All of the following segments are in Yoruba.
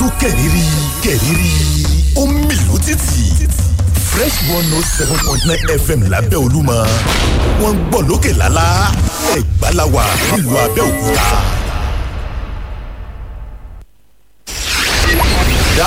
tó kẹ̀rìírí kẹ̀rìírí ó ń títì fresh one note oh seven point nine fm lábẹ́ olúmọ wọ́n ń gbọ́ lókè lálá ẹ̀gbá la wà nílùú abẹ́òkúta.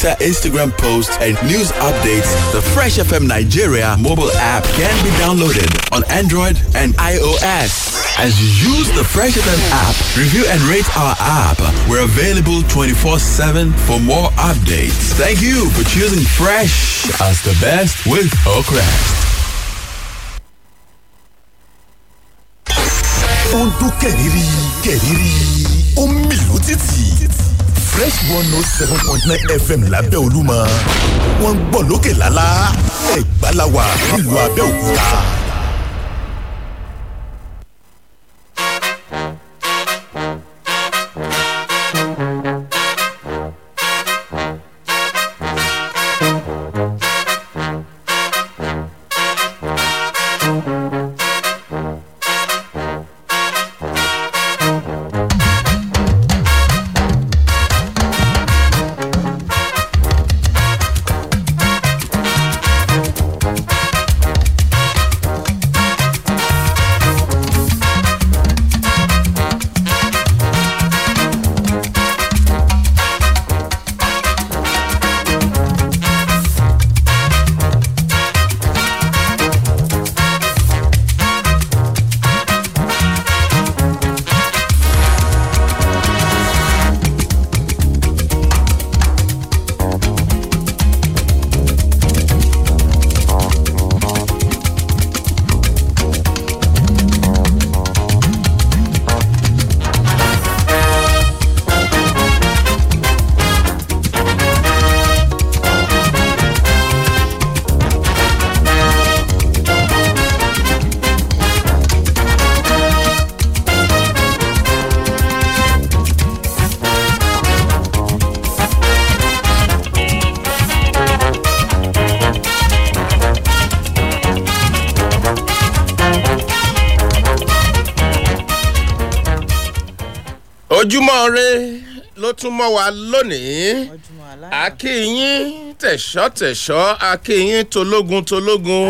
Twitter, Instagram posts, and news updates, the Fresh FM Nigeria mobile app can be downloaded on Android and iOS. As you use the Fresh FM app, review and rate our app. We're available 24 7 for more updates. Thank you for choosing Fresh as the best with Oakrest. ó ń dún kẹ̀rìírí kẹ̀rìírí ó lù títì fresh one oh seven point nine fm lábẹ́ olúmọ wọ́n ń gbọ́ lókè lálá ẹ̀gbá la wà nílùú abẹ́òkúta. tún mọ́ wa lónìí akínyín tẹ̀ṣọ́ tẹ̀ṣọ́ akínyín tológun tológun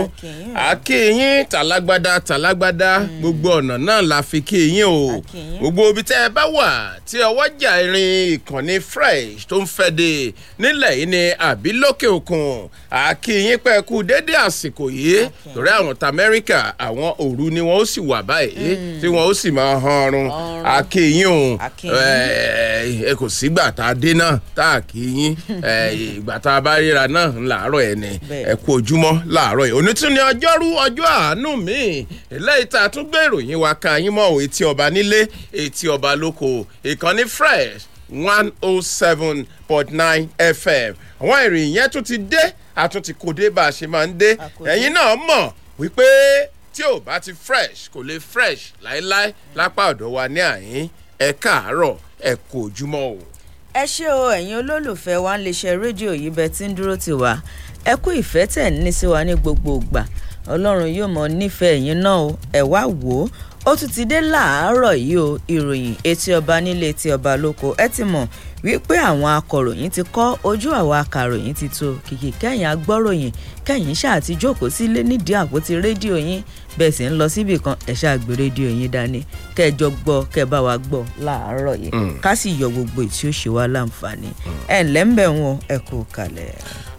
àkèyìn tàlágbádá tàlágbádá gbogbo ọ̀nà náà la fi kéyìn o gbogbo ibi tẹ́ ẹ bá wà tí ọwọ́jà irin ìkànnì fresh tó ń fẹ́ de nílẹ̀ yìí ni àbí lókè òkun àkèyìn pẹ́ kú déédéé àsìkò yìí torí àwọn t'Amẹ́ríkà àwọn òru ni wọ́n ó sì wà báyìí hmm. tí wọ́n ó sì máa han ọrùn àkèyìn o ẹ kò sígbà tá a dé náà tá a kèyìn ìgbà tá a bá ríra náà ńlàárọ̀ ẹ̀ ni ẹ kú ojúmọ́ láàárọ̀ yìí onítúni ọjọ́ ọjọ́rú ọjọ́ àánú mi eléyìí tún gbé ìròyìn wa ka yín mọ́ etí ọba nílé etí ọba lóko ìkànnì fresh one oh seven point nine fm àwọn ìròyìn yẹn tún ti dé àtún ti kò dé bá a ṣe máa ń dé ẹ̀yin náà mọ̀ wípé tí ò bá ti fresh kò lè fresh láéláé lápá ọ̀dọ̀ wa ní àyín ẹ káàárọ̀ ẹ kò ojúmọ́ o. ẹ ṣé o ẹ̀yin olólùfẹ́ wa ń lè ṣe rédíò yìí bẹ́ẹ̀ tí ń dúró tiwa ẹ kú ìfẹ́ tẹ̀ ní sí wa ní gbogbo ìgbà ọlọ́run yóò mọ nífẹ̀ẹ́ yín náà o ẹ̀ wá wò ó ó tún ti dé láàárọ̀ yìí o ìròyìn etí ọba nílé etí ọba lóko ẹ ti mọ̀ wípé àwọn akọ̀ròyìn ti kọ́ ojú àwọn akàròyìn ti tó kìkì kẹ́yìn agbọ́ròyìn kẹ́yìn ṣáà ti jókòó sílé nídìí àpótí rédíò yín bẹ́ẹ̀ sì ń lọ síbì kan ẹ̀ ṣáà gbé rédíò yín dání kẹjọ gbọ́ kẹ bá wa gbọ́ láàárọ̀ yìí mm. ká sì yọ gbogbo ìtí ó láǹfààní ẹ̀ ǹlẹ́ ń bẹ̀ wọn ẹ̀ kú kalẹ̀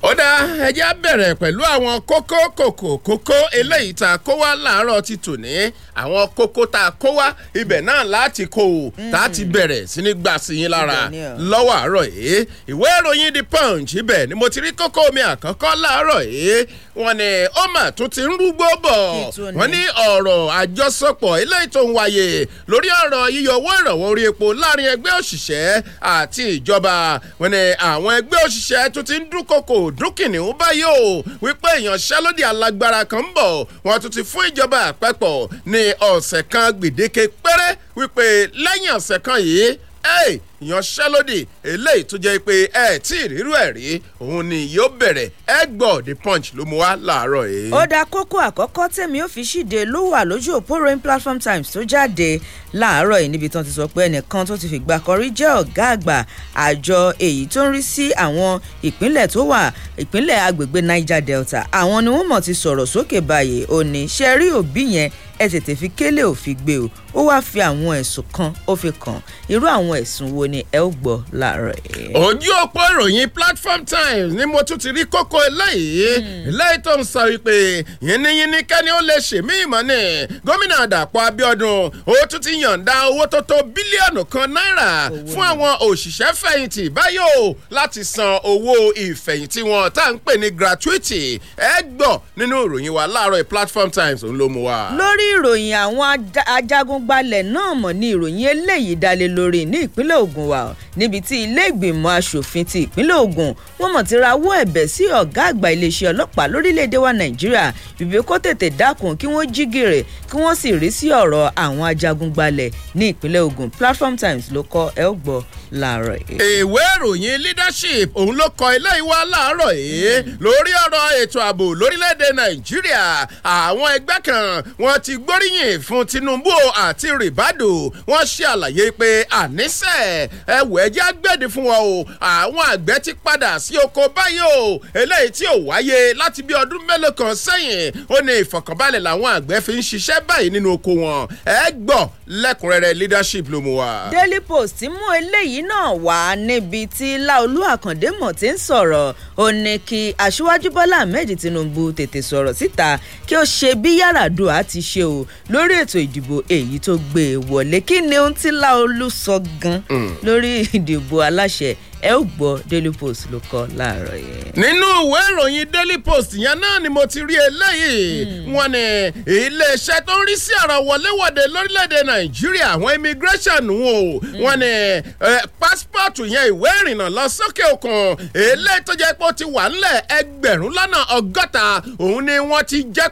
ó dá ẹjẹ́ á bẹ̀rẹ̀ pẹ̀lú àwọn kókó kòkò kókó eléyìí tá a kó wá láàárọ̀ ti tò ní àwọn kókó tá a kó wá ibẹ̀ náà láti kó o tá a ti hmm. bẹ̀rẹ̀ sí ní gbà sí yín lára lọ́wọ́ àárọ̀ yìí ìwé ìròyìn the punch ibẹ̀ ni mo ti rí kókó mi àkọ́kọ́ láàárọ̀ yìí wọ́n ní ó mà tún ti ń rúgbó bọ̀ wọ́n ní ọ̀rọ̀ àjọsọpọ̀ eléyìí tó ń wáyé lórí ọ̀rọ̀ yíyọ owó ìrànwọ́ orí epo láàrin ẹgbẹ́ òṣìṣẹ́ àti ìjọba wọ́n ní àwọn ẹgbẹ́ òṣìṣẹ́ tún ti ń dúnkokò dún kìnìún báyìí o wípé ìyanṣẹ́lódì alágbára kan ń bọ̀ wọ́n tún ti fún ìjọba àpapọ̀ ní ọ̀sẹ̀ kan gbèdéke péré wípé lẹ́yìn ọ̀sẹ̀ kan yìí ìyanṣẹ́lódì eléyìí tó jẹ́ pé ẹ tí ìrírú ẹ̀ rí òun ni yóò bẹ̀rẹ̀ ẹ gbọ́ the punch ló mú wá láàárọ̀ yìí. ó dá kókó àkọ́kọ́ tèmi ó fi ṣíde ló wà lójú òpó rain platform times tó jáde láàárọ̀ yìí níbi tán ti sọ pé ẹnìkan tó ti fìgbà kan rí jẹ́ ọ̀gá àgbà àjọ èyí tó ń rí sí àwọn ìpínlẹ̀ tó wà ìpínlẹ̀ agbègbè niger delta àwọn ni wọ́n mọ̀ ti sọ̀rọ̀ sókè báyìí ẹ tètè fi kélé òfin gbé o ó wáá fi àwọn ẹ̀sùn kan ó fi kàn irú àwọn ẹ̀sùn wo ni ẹ ó gbọ́ láàárọ̀ yìí. ojú ọ̀pọ̀ ìròyìn platform times ni mo tún ti rí kókó eléyìí hmm. eléyìí tó ń sọ wípé yìnyínyín kẹ́ni ó lè ṣe mí ìmọ̀ ni gómìnà àdàpọ̀ abíọ́dún ó tún ti yànda owó tó tó bílíọ̀nù kan náírà fún àwọn òṣìṣẹ́ fẹ̀yìntì báyò láti san owó ìfẹ̀yìntì wọn tá à ń pè ní gratuity ẹ gbọ́ nínú ìròyìn wa láàárọ̀ platform times òun ló mú wa. lórí ìròyìn àwọn ajagunbalẹ̀ náà mọ̀ ní ìròyìn eléyìí dálé lórí ní ìpínlẹ̀ Ògùn wa níbi tí ilé ìgbìmọ̀ asòfin ti ìpínlẹ̀ Ògùn wọn mọ̀ ti rawọ́ ẹ̀bẹ̀ sí ọ̀gá àgbà iléeṣẹ́ ọlọ́pàá lórílẹ̀‐èdè wa Nàìjíríà bíbí kó tètè dákun kí wọ́n jí gìrì kí wọ́n sì rí sí ọ̀rọ̀ àwọn ajagunbalẹ̀ ní ìpínlẹ̀ Ògùn Platform Times ló kọ ẹ ó gbọ́ láàárọ̀ yìí. ìwé ìròyìn leadership òun ló kọ ilé ìwà láàárọ̀ yìí lórí ọ̀rọ̀ ètò ààbò lórílẹ̀‐èdè Nàìjíríà àwọn ẹgbẹ́ kan wọ́n ti gbóríyìn fún Tinubu àti Ribadu wọ́n ṣe àlàyé pé àníṣe ẹ̀wọ̀ ẹ̀jẹ̀ agbẹ́dì fún wa o àwọn àgbẹ̀ ti padà sí oko báyìí o eléyìí tí ò wáyé láti bí ọdún mélòó kan sẹ́yìn ó ní ìfọ̀kànbalẹ̀ làwọn àgbẹ̀ fi ń ṣiṣẹ́ báyìí nínú oko wọn ẹ gbọ́ lẹ́kùnrẹ́rẹ́ leadership ló mú wa. Daily Post ti mú eléyìí náà wá níbi tí Láolú Àkàndé mọ̀ ti ń sọ̀rọ̀ ó ní kí aṣíwájú Bọ́lá Ahmed Tinubu tètè sọ̀rọ̀ síta kí ó ṣe bí Yar'Adua ti ṣe o lórí ètò ìdìbò èyí tó gbé e wọlé kí ni ohun tí Láolú sọ gan mm. lórí ìdìbò aláṣẹ ẹ ó gbọ́ daily post ló kọ láàárọ̀ yẹn. nínú ìwé ìròyìn daily post yẹn náà ni mo ti rí eléyìí hmm. wọ́n ní iléeṣẹ́ tó ń rí sí ọ̀rọ̀ wọléwọ̀de lórílẹ̀‐èdè nàìjíríà àwọn immigration wò hmm. wọ́n eh, passport kóòtù yẹn ìwé ìrìnnà lọ sókè òkun eléyìí tó jẹ́ pé ó ti wà ńlẹ̀ ẹgbẹ̀rún lọ́nà ọgọ́ta òun ni wọ́n ti jẹ́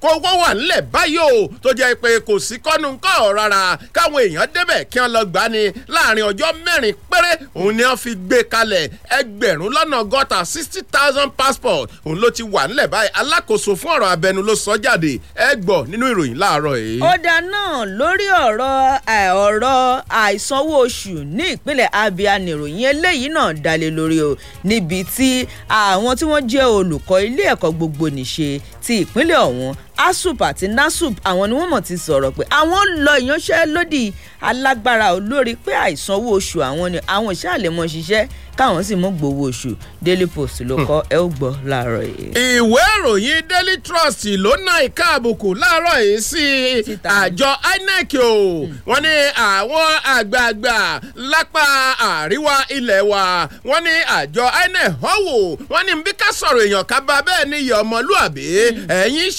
kó wà ńlẹ̀ báyìí o tó jẹ́ pé kò sí kọ́nu kọ́ rárá káwọn èèyàn débẹ̀ kí wọ́n lọ gbà ní láàrin ọjọ́ mẹ́rin péré òun ni wọ́n fi gbé kalẹ̀ ẹgbẹ̀rún lọ́nà ọgọ́ta sixty thousand passport òun ló ti wà ńlẹ̀ báyìí alákòóso fún ọ̀rọ̀ abẹnu ló sọ jáde ẹ nínú ìròyìn láàárọ̀ yìí. ó dáná lórí ọ̀rọ̀ àìsanwó oṣù ní ìpín ìpínlẹ̀ abia nìròyìn eléyìí náà dá lé lórí o níbi tí àwọn tí wọ́n jẹ́ olùkọ́ ilé ẹ̀kọ́ gbogbo nìṣe ti ìpínlẹ̀ ọ̀hún asup àti nasup àwọn ni wọ́n mọ̀ ti sọ̀rọ̀ pé àwọn lọ ìyanṣẹ́lódì alágbára olórí pé àìsan owó oṣù àwọn ni àwọn ìṣe àlẹ́mọ̀ ṣiṣẹ́ káwọn sì mú gbowó oṣù daily post ló kọ ẹ ó gbọ́ láàárọ̀ yìí. ìwé ìròyìn daily trust ló na ìka àbùkù láàárọ̀ yìí sí àjọ inec o wọ́n ní àwọn àgbààgbà lápá àríwá ilẹ̀ wa wọ́n ní àjọ inec họ́wò wọ́n ní bí ká sọ̀rọ̀ èèyàn ká bá bẹ́ẹ̀ ni iyọ̀ ọmọlúàbí ẹ̀yin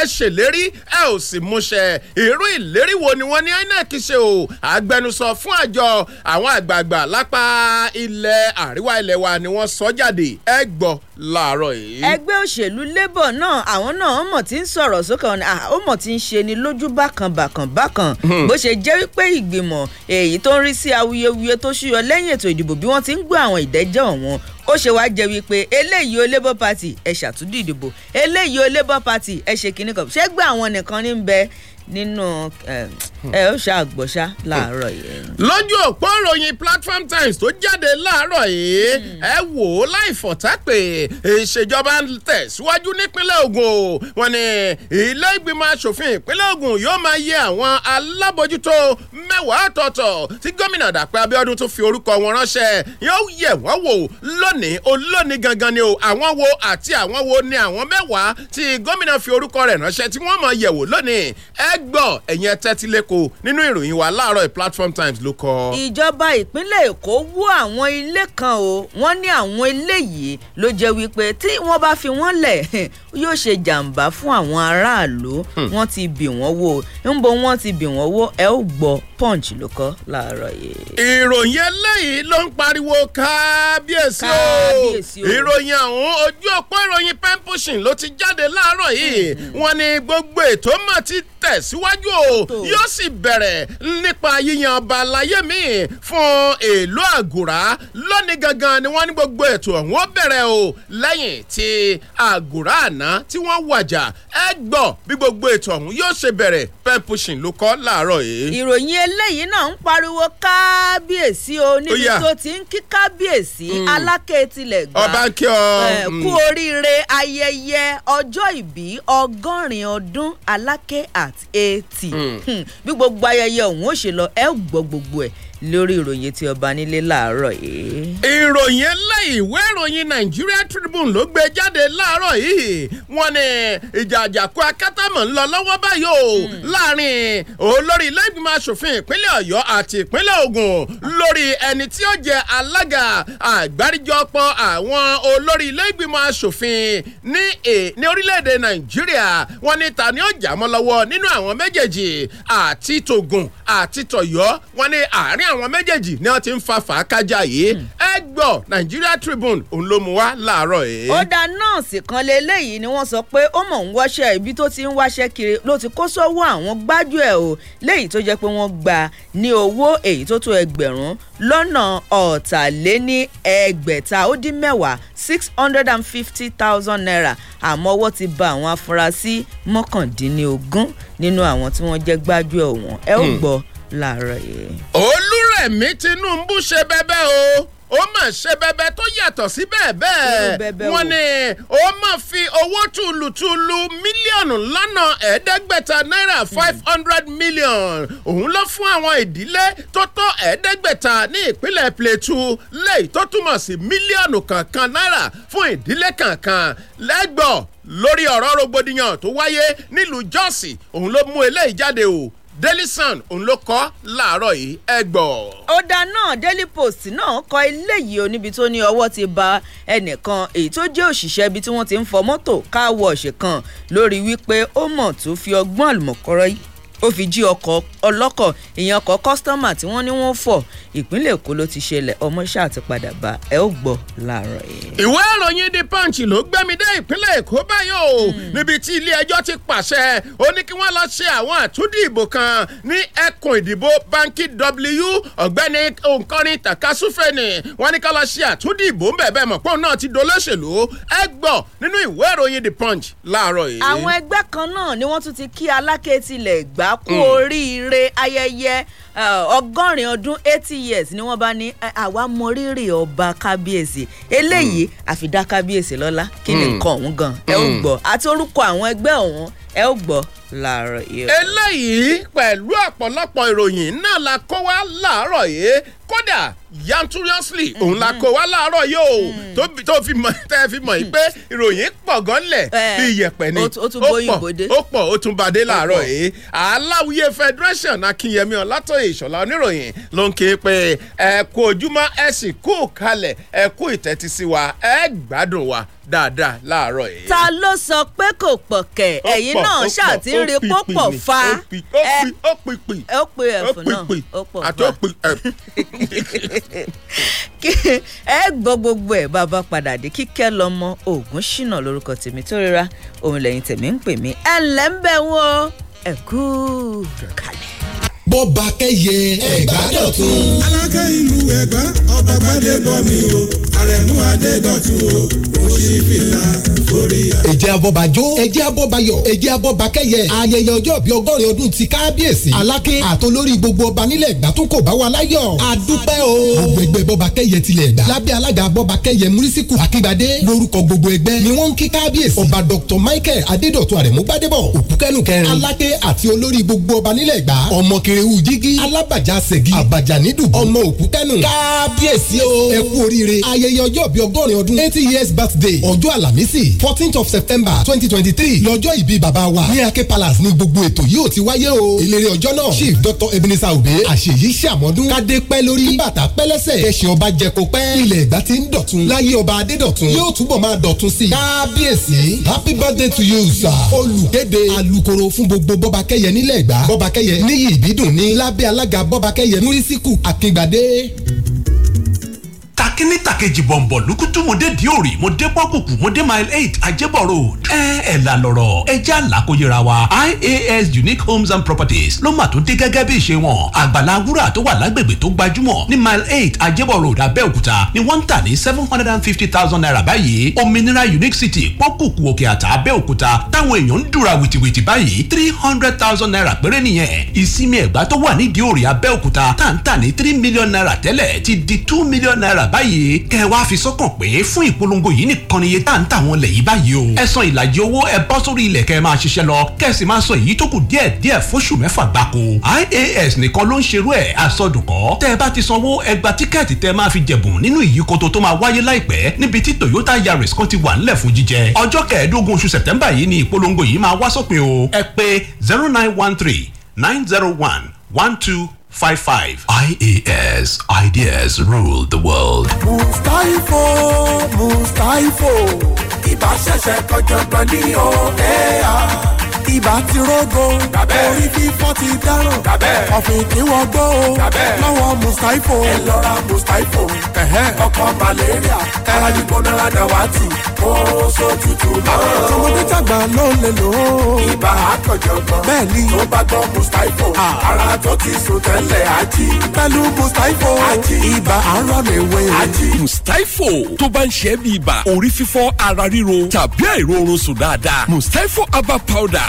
ẹ ṣèlérí ẹ ò sì múṣẹ irú ìlérí wo ni wọ́n ní inec ṣe o agbẹnusọ fún àjọ àwọn àgbààgbà lápá ilẹ̀ àríwá ilẹ̀ wa ni wọ́n sọ jáde ẹ gbọ́ láàárọ̀ yìí. ẹgbẹ́ òṣèlú labour náà àwọn náà mọ̀ tí ń sọ̀rọ̀ sókè ọ̀nà ah, ó mọ̀ tí ń ṣe ni lójú bákan bákan bákan hmm. bó ṣe jẹ́ wípé ìgbìmọ̀ èyí tó ń rí sí awuyewuye tó ṣúyọ lẹ́yìn ètò ìdìbò bí wọ́n ti ń gbọ́ àwọn ìdẹ́jọ́ wọn ó ṣe wá jẹ wípé eléyìí o labour party ẹ ṣàtúndì ìdìbò eléyìí o labour party ẹ ṣe kínní kan ṣé gbé àwọn nìkan ní bẹ nínú um, hmm. ẹ ó ṣàgbọ́ṣá láàárọ̀ yìí. lójú òpó ìròyìn platform times tó jáde láàárọ̀ yìí hmm. ẹ wò ó láì fọ̀tá pé ìṣèjọba ń tẹ̀síwájú nípínlẹ̀ Ògùn o wọ́n ní ilé ìgbìmọ̀ asòfin ìpínlẹ̀ Ògùn yóò máa yẹ àwọn alábòjútó mẹ́wàá ọ̀tọ̀ọ̀tọ̀ tí gómìnà Dàpọ̀ Abíọ́dún tún fi orúkọ wọn ránṣẹ́ yóò yẹ wọ́n wò lónìí olónìí gangan ni o àwọn wo àti àwọn wo ni àwọn mẹ́wàá tí gómìnà fi orúkọ rẹ̀ ránṣẹ́ tí wọ́n máa yẹ̀wò lónìí ẹ ẹ gbọ́ ẹ̀yin ẹ tẹ́tí lẹ́kọ̀ọ́ nínú ìròyìn wa láàárọ̀ platform times ló kọ. ìjọba ìpínlẹ̀ èkó wó àwọn ilé kan o wọ́n ní àwọn eléyìí ló jẹ́ wípé tí wọ́n bá fi wọ́n lẹ̀ yóò ṣe jàǹbá fún àwọn aráàlú hmm. wọ́n ti bì wọ́n wò ń bo wọ́n ti bì wọ́n wò ẹ ó gbọ́ punch ló kọ́ láàárọ̀ yìí. ìròyìn eléyìí ló ń pariwo kábíyèsí o ìròyìn àwọn ojú ọ̀pọ̀ ìròyìn pen pushing ló ti jáde láàárọ̀ yìí mm-hmm. wọ́n ní gbogbo ètò mà ti tẹ̀síwájú o yóò sì bẹ̀rẹ̀ nípa yíyan ọba aláyé mi fún èlò àgùrá lónìí gangan ni wọ́n ní gbogbo ètò ọ̀hún ó bẹ̀rẹ̀ o lẹ́yìn tí àgùrá àná tí wọ́n wàjà ẹ gbọ́ bí gbogbo ètò ọ̀hún yóò ṣe bẹ̀rẹ̀ pen pushing ló kọ́ láàárọ̀ yìí. ìròyìn eléyìí náà ń pariwo kábíyèsí o níbi tó ti ń kí kábíyèsí mm. aláké gbà ọba ń kí ọ mm. kú oríire ayẹyẹ ọjọ́ ìbí ọgọ́rin ọdún aláké at eighty mm. hmm. bí gbogbo ayẹyẹ òun ó ṣe lọ ẹ gbọ́ gbogbo ẹ̀ lórí ìròyìn tí ọba nílé làárọ̀ yìí. ìròyìn ńlá ìwé ìròyìn Nigeria Tribune ló gbé jáde láàárọ̀ yìí wọ́n ní ìjà àjàkú akátàmọ̀ ń lọ lọ́wọ́ báyìí o hmm. láàrin olórí ilé-ìgbìmọ̀ asòfin ìpínlẹ̀ Ọ̀yọ́ àti ìpínlẹ̀ Ògùn lórí ẹni tí ó jẹ́ alága àgbáríjọpọ̀ àwọn olórí ilé-ìgbìmọ̀ asòfin ní e, ní orílẹ̀-èdè Nàìjíríà wọ́n ní ta ni ó jà mọ́ lọ́wọ́ nínú àwọn méjèèjì àti àárín àwọn méjèèjì ni wọ́n ti ń fa fàákájà yìí hmm. ẹ gbọ́ Nigeria Tribune òun ló mú wá láàárọ̀ yìí. ó dá nọ́ọ̀sì kan lélẹ́yìí ni wọ́n sọ pé ó mọ̀ ń wáṣẹ́ ibi tó ti ń wáṣẹ́ kiri ló ti kó sọ́wọ́ àwọn gbájú ẹ̀ o léyìí tó jẹ́ pé wọ́n gbà ní owó èyí tó tó ẹgbẹ̀rún lọ́nà ọ̀tàléní ó dín mẹ́wàá six hundred and fifty thousand naira àmọ́ ọwọ́ ti ba àwọn afurasí mọ́kàndínlógún nínú àwọn tí wọ́n jẹ́ gbájú ẹ̀ wọ̀n ẹ ó hmm. gbọ́ láàárọ̀ yìí. olúrẹ̀mí tinubu ṣe bẹ́bẹ́ o ó mà ṣe bẹbẹ tó yàtọ̀ sí bẹ́ẹ̀ bẹ́ẹ̀ wọ́n ní ó mà fi owó tùlùtùlù mílíọ̀nù lọ́nà ẹ̀ẹ́dẹ́gbẹ̀ta náírà five hundred million òun ló fún àwọn ìdílé tó tó ẹ̀ẹ́dẹ́gbẹ̀ta ní ìpínlẹ̀ Plateau lẹ́yìn tó túmọ̀ sí mílíọ̀nù kankan náírà fún ìdílé kankan lẹ́gbọ̀ọ́ lórí ọ̀rọ̀ rògbòdìyàn tó wáyé nílùú Jọ́ọ̀sì òun ló mú eléyìí jáde o Daily Sun òun ló kọ láàárọ̀ yìí ẹ gbọ́. ọ̀dà náà Daily Post náà kọ eléyìí oníbi tó ní ọwọ́ ti ba ẹnìkan èyí tó jẹ́ òṣìṣẹ́ ibi tí wọ́n ti ń fọ mọ́tò car wash kan lórí wípé ó mọ̀ tó fi ọgbọ́n àlùmọ̀kọ́rọ́ yìí ó fi jí ọkọ̀ ọlọ́kọ̀ ìyẹn ọkọ̀ kọ́sítọ́mà tí wọ́n ní wọ́n fọ̀ ìpínlẹ̀ èkó ló ti ṣẹlẹ̀ ọmọ ṣáà ti padà bá ẹ ó gbọ́ láàárọ̀ yìí. ìwé ìròyìn the punch ló gbẹ́mi dé ìpínlẹ̀ èkó báyìí o hmm. níbi tí ilé ẹjọ́ ti pàṣẹ ó ní kí wọ́n lọ ṣe àwọn àtúndì ìbò kan ní ẹkùn ìdìbò báńkì w ọ̀gbẹ́ni òǹkọrin takasúfẹ́ni wọ́n ní ká lọ ṣe àtúndì ìbò bẹ́ẹ̀ mọ̀ pọ́n náà ti dolóṣèlú ẹ gbọ́ nínú ìwé ìròyìn the punch láàárọ̀ yìí. àwọn ẹgbẹ́ kan náà ni wọ́n tún ti kí alákẹ́ tilẹ̀ gbá yorùbá kú hmm. oríire ayẹyẹ eh, ọgọ́rin ọdún eighty years ni wọ́n bá ní eh, àwa mọrírì ọba kábíyèsí eléyìí hmm. àfidá kábíyèsí lọ́lá kí ni hmm. nǹkan ọ̀hún gan ẹ ó gbọ́ àti orúkọ àwọn ẹgbẹ́ ọ̀hún ẹ ó gbọ́ láàárọ̀ yìí. eléyìí pẹ̀lú ọ̀pọ̀lọpọ̀ ìròyìn náà la kó wá láàárọ̀ yìí kódà yanturiously mhm. òun la kó wa láàárọ̀ yóò hmm. tó fi mọ̀ tẹ́ fi mọ̀ yìí pé hmm. ìròyìn pọ̀ gan lẹ̀ eh, bí iyẹ̀pẹ̀ ni ó pọ̀ ó pọ̀ ó tún bàdé láàárọ̀ yìí aláwùyé federation akínyẹmí ọlátọyè ìṣọlá oníròyìn ló ń ké pé ẹ kú ojúmọ́ ẹ sì kú kalẹ̀ ẹ kú ìtẹ́tí sí wa ẹ gbádùn wa dáadáa láàárọ̀ yìí. ta ló sọ pé kò pọ̀ kẹ̀ ẹ̀yin náà ṣáà ti ń rí pọ̀ pọ̀ fa. ó pì ó pì ó pì ó pì ẹ̀fọn náà ó pọ̀ àti ó pì ẹ̀. ẹ gbọ́ gbogbo ẹ̀ bàbá padà dé kíkẹ́ lọ́mọ ògùn ṣìnà lórúkọ tèmi tó rira òun lẹ́yìn tèmi ń pè mí ẹ̀ lẹ́ńbẹ̀ wọn ẹ̀kú kalẹ̀ bọ́ba kẹ́yẹ ẹ̀gbá dọ̀tun. alákẹ́ ìlú ẹ̀gbá ọba gbádébọ̀ mi o àrẹ̀mú adédọ̀tun o òṣìfìlà fòríyà. ẹ̀jẹ̀ abọ́bajó ẹ̀jẹ̀ abọ́bayọ̀ ẹ̀jẹ̀ abọ́bakẹ́yẹ ayẹyẹ ọjọ́ bíi ọgọ́rin ọdún ti kábíyèsí alákẹ́ àtolórí gbogbo ọba nílẹ̀ ẹ̀gbá tó kò bá wa láyọ̀ adúpẹ́ o. agbègbè bọ́bakẹ́yẹ tilẹ̀ ẹ̀gbá lábẹ́ alága bọ́bakẹ́yẹ múrísíkù akíngbadé lórúkọ gbogbo ẹgbẹ́ ni wọ́n ń kí kábíyèsí ọba dr michael adédọ̀tun àrẹ̀mú gbádébọ̀ òkúkẹ́nù kẹrin alákẹ́ àti olórí gbogbo ọba nílẹ̀ ẹ̀gbá ọmọ irewú jígí alábàjá sẹ̀gí àbàjá nídùú ọmọ òkútẹ́nù kábíyèsí o ẹ oríire ayẹyẹ ọjọ́ bíi ọgọ́rin ọdún eighty years birthday ọjọ́ àlàmísì fourteenth of september twenty twenty three lọ́jọ́ ìbí bàbá wa ní Ake Palace ní gbogbo ètò yìí ò ti wáyé o eléré ọjọ́ náà chief dr ebenezer obe àṣeyí ṣàmọ́dún kádé pẹ́ lórí bàtà pẹ́lẹ́sẹ̀ kẹsàn ọba jẹko pẹ́ ilẹ̀ ìgbà ti ń dọ̀tun láyé ọba adédọ̀tun yóò túbọ̀ máa dọ̀tun sí i kábíyèsí happy birthday to you sir olùkéde alukoro fún gbogbo bọ́ba nílẹ̀ ìgbà bọ́ba níyì ìbídùn sì ní lábẹ́ alága bọ́bakẹ́yẹ múrísíkù àkíngbàdé akínítàkejì bọ̀m̀bọ̀ lukutu mo dé diori mo dé pọ́kùkù mo dé mile eight ajébọ̀ road ẹ ẹ̀ là lọ̀rọ̀ ẹ jẹ́ àlàkóyèrà wa ias unique homes and properties ló mà tún dé gẹ́gẹ́ bí ìṣe wọn àgbàlá wúrà tó wà lágbègbè tó gbajúmọ̀ ní mile eight ajébọ̀ road abẹ́òkúta ni wọ́n ń tà ní seven hundred and fifty thousand naira báyìí òmìnira unique city pọ́kùkù òkè àtà abẹ́òkúta táwọn èèyàn ń dùra wìtìwìtì báyìí three hundred thousand naira péré nìyẹn ìsinmi ẹ̀gbá tó diori abẹ́òkúta tá à three million naira tẹ́lẹ̀ ti di two million naira báyìí báyìí kẹ́ wá fi sọ́kàn pé fún ìpolongo yìí nìkan ni iye tá à ń tà wọn lẹ̀ yìí báyìí o ẹ san ìlàjì owó ẹ bọ́ sórí ilẹ̀ kẹ́ máa ṣiṣẹ́ lọ kẹ́ sì máa san èyí tó kù díẹ̀ díẹ̀ fóṣù mẹ́fà gbáko IAS nìkan ló ń ṣerú ẹ̀ àsọdùnkọ́ tẹ́ ẹ bá ti sanwó ẹ gba tíkẹ́ẹ̀tì tẹ́ ẹ máa fi jẹ̀bùn nínú ìyíkoto tó máa wáyé láìpẹ́ níbi tí Toyota Yaris kan ti wà ńlẹ̀ fún jíjẹ ọjọ́ kẹẹ̀ẹ́dógún September yìí ni ìpolongo yìí máa zero nine one three nine zero one one two 55. IAS ideas rule the world. Mustaifo, Mustaifo, ìbáṣẹ̀ṣẹ̀ kọjọ́gbọ́n ní OAR. ibà ti rógo orí fífọ́ ti dáràn ọ̀fìn kí wọ́n gbó o lọ́wọ́ mùsáífò. ẹ lọ ra mùsáífò ọkọ̀ malaria ara gbígbóná ládàwátì kóso tutù náà. tọmọdé tàgbà ló ń lè lò ó. ibà àkànjọ̀gbọ́n bẹ́ẹ̀ ni tó bá gbọ́ mùsáífò ara tó ti sùn tẹ́lẹ̀ ají. pẹ̀lú mùsáífò ají ibà arọ lè wé. ají mùsáífò tó bá ń ṣe é bí ibà orí fífọ́ ara ríro tàbí àìróorun dáadáa mùsáífò herbal powder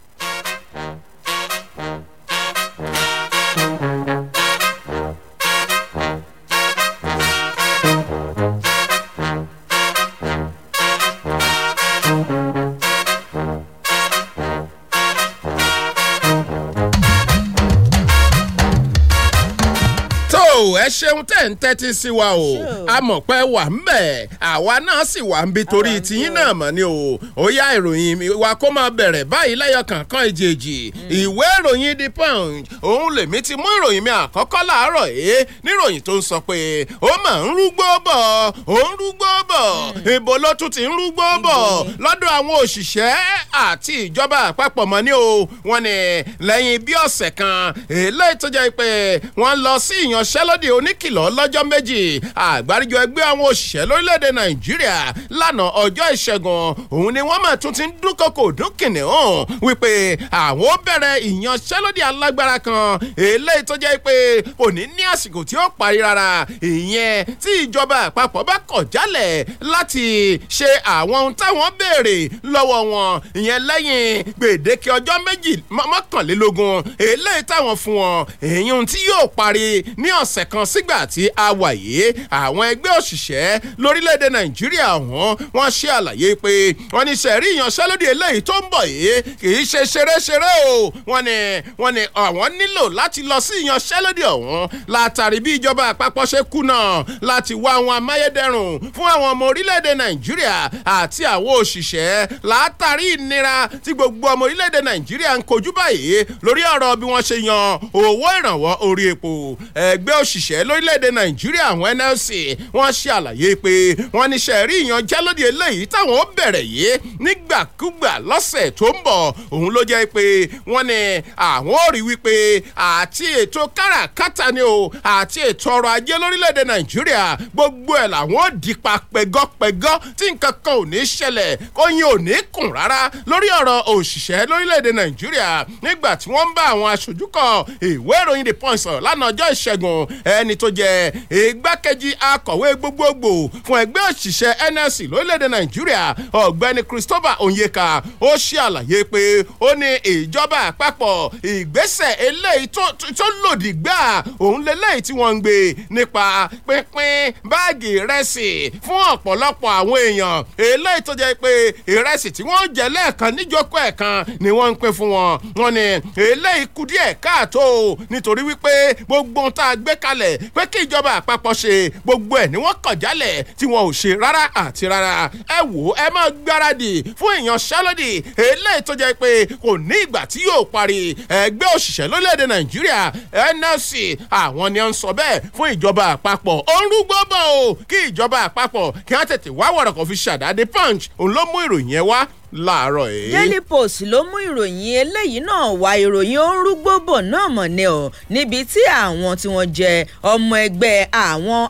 ẹ ṣeun tẹ̀ ń tẹ́tí sí wa o a mọ̀ pé wà ń bẹ̀ àwa náà sì wà ń bi torí tiyín náà mọ̀ ni o ó yá ìròyìn wa kó máa bẹ̀rẹ̀ báyìí lẹ́yọ kankan ìjèjì hmm. ìwé ìròyìn the punch òun lèmi ti mú ìròyìn mi àkọ́kọ́ láàárọ̀ ẹ̀ níròyìn tó ń sọ pé ó mà ń rúgbó bọ̀ ó ń rúgbó bọ̀ ìbò hmm. ló tún ti ń rúgbó bọ̀ lọ́dọ̀ àwọn òṣìṣẹ́ àti ìjọba àpapọ̀ mọ́ ni o wọ́n ní lẹ́yìn bí ọ̀sẹ̀ kan èlé ìtọ́jà pé wọ́n lọ sí ìyanṣẹ́lódì oníkìlọ̀ lọ́jọ́ méjì àgbáríjọ ẹgbẹ́ àwọn òṣìṣẹ́ lórílẹ̀‐èdè nàìjíríà lánàá ọjọ́ ìṣẹ́gun òun ni wọ́n mà tún ti ń dúnkokò dúnkìnìún wípé àwọn ó bẹ̀rẹ̀ ìyanṣẹ́lódì alágbára kan eléyìí tó jẹ́ pé kò ní ní àsìkò tí ó parí rárá ìyẹn tí ìjọba àpapọ̀ bá kọ̀ jálẹ̀ láti ṣe àwọn ohun táwọn béèrè lọ́wọ́ wọn ìyẹn lẹ́yìn gbèdéke ọjọ́ méjì mọ́kànlélógún eléyìí táwọn fún wọn èyí ohun tí yóò parí ní ọ̀sẹ̀ kan àmọ́ sígbà tí a wà yìí àwọn ẹgbẹ́ òṣìṣẹ́ lórílẹ̀‐èdè nàìjíríà ọ̀hún wọ́n ṣe àlàyé pé wọ́n ní sẹ̀rí ìyanṣẹ́lódì eléyìí tó ń bọ̀ yìí kì ṣe ṣeré-ṣeré o wọ́n ní wọ́n ní àwọn nílò láti lọ sí ìyanṣẹ́lódì ọ̀hún látàrí bí ìjọba àpapọ̀ ṣe kùnà láti wá àwọn amáyédẹrùn fún àwọn ọmọ orílẹ̀-èdè nàìjíríà àti àwọn òṣìṣẹ́ látàrí ìnira tí gbogbo ọmọ orílẹ̀-èdè nàìjíríà ń kojú báyìí lórí ọ̀rọ̀ bí wọ́n ṣe yan owó ìrànwọ́ orí epo ẹgbẹ́ òṣìṣ òṣìṣẹ́ lórílẹ̀‐èdè nàìjíríà àwọn nlc wọ́n ṣe àlàyé pé wọ́n ní sẹ́ẹ̀rí ìyanjẹ́lódì eléyìí táwọn ó bẹ̀rẹ̀ yìí nígbàkúgbà lọ́sẹ̀ tó ń bọ̀ òun ló jẹ́ pé wọ́n ní àwọn ò rí wípé àti ètò káràkátà ni o àti ètò ọrọ̀ ajé lórílẹ̀‐èdè nàìjíríà gbogbo ẹ̀ làwọn ò dìpa pẹ̀gọ́pẹ̀gọ́ tí nǹkan kan ò ní ṣẹlẹ̀ oyin ò ní kùn rárá the point sọ̀rọ̀ lánàá ọjọ́ ìṣẹ́gun ẹni tó jẹ igbákejì akọ̀wé gbogbogbò fún ẹgbẹ́ òṣìṣẹ́ NLC lórílẹ̀‐èdè Nàìjíríà ọ̀gbẹ́ni Christopher Onyeka ó ṣe àlàyé pé ó ní ìjọba àpapọ̀ ìgbésẹ̀ eléyìí tó lòdì gbà òun lélẹ́yìí tí wọ́n ń gbé nípa pínpín báàgì ìrẹsì fún ọ̀pọ̀lọpọ̀ àwọn èèyàn eléyìí tó jẹ́ pé ìrẹsì tí wọ́n jẹ lẹ́ẹ̀kan níjókòó ẹ̀kan ni wọ́n ń pín fún wọn wọ́n ní eléyìí kù díẹ̀ káàtó nítorí wípé gbogbo tá a gbé kalẹ̀ sílẹ̀ pé kí ìjọba àpapọ̀ ṣe gbogbo ẹ̀ ni wọ́n kọ̀ jálẹ̀ tí wọn ò ṣe rárá àti rárá ẹ wò ẹ máa gbáradì fún ìyanṣẹ́lódì eléyìí tó jẹ́ pé kò ní ìgbà tí yóò parí ẹgbẹ́ òṣìṣẹ́ lórílẹ̀‐èdè nàìjíríà nlc àwọn ni ó ń sọ bẹ́ẹ̀ fún ìjọba àpapọ̀ ó o kí ìjọba àpapọ̀ kí wọ́n tètè wá wọ̀rọ̀kọ̀ fi ṣàdá punch òun ló mú ìròyìn yẹn wá láàárọ̀ yìí. Daily Post ló mú ìròyìn eléyìí náà wá ìròyìn orúgbó bò náà mọ̀ ni o níbi tí àwọn tí wọ́n jẹ ọmọ ẹgbẹ́ àwọn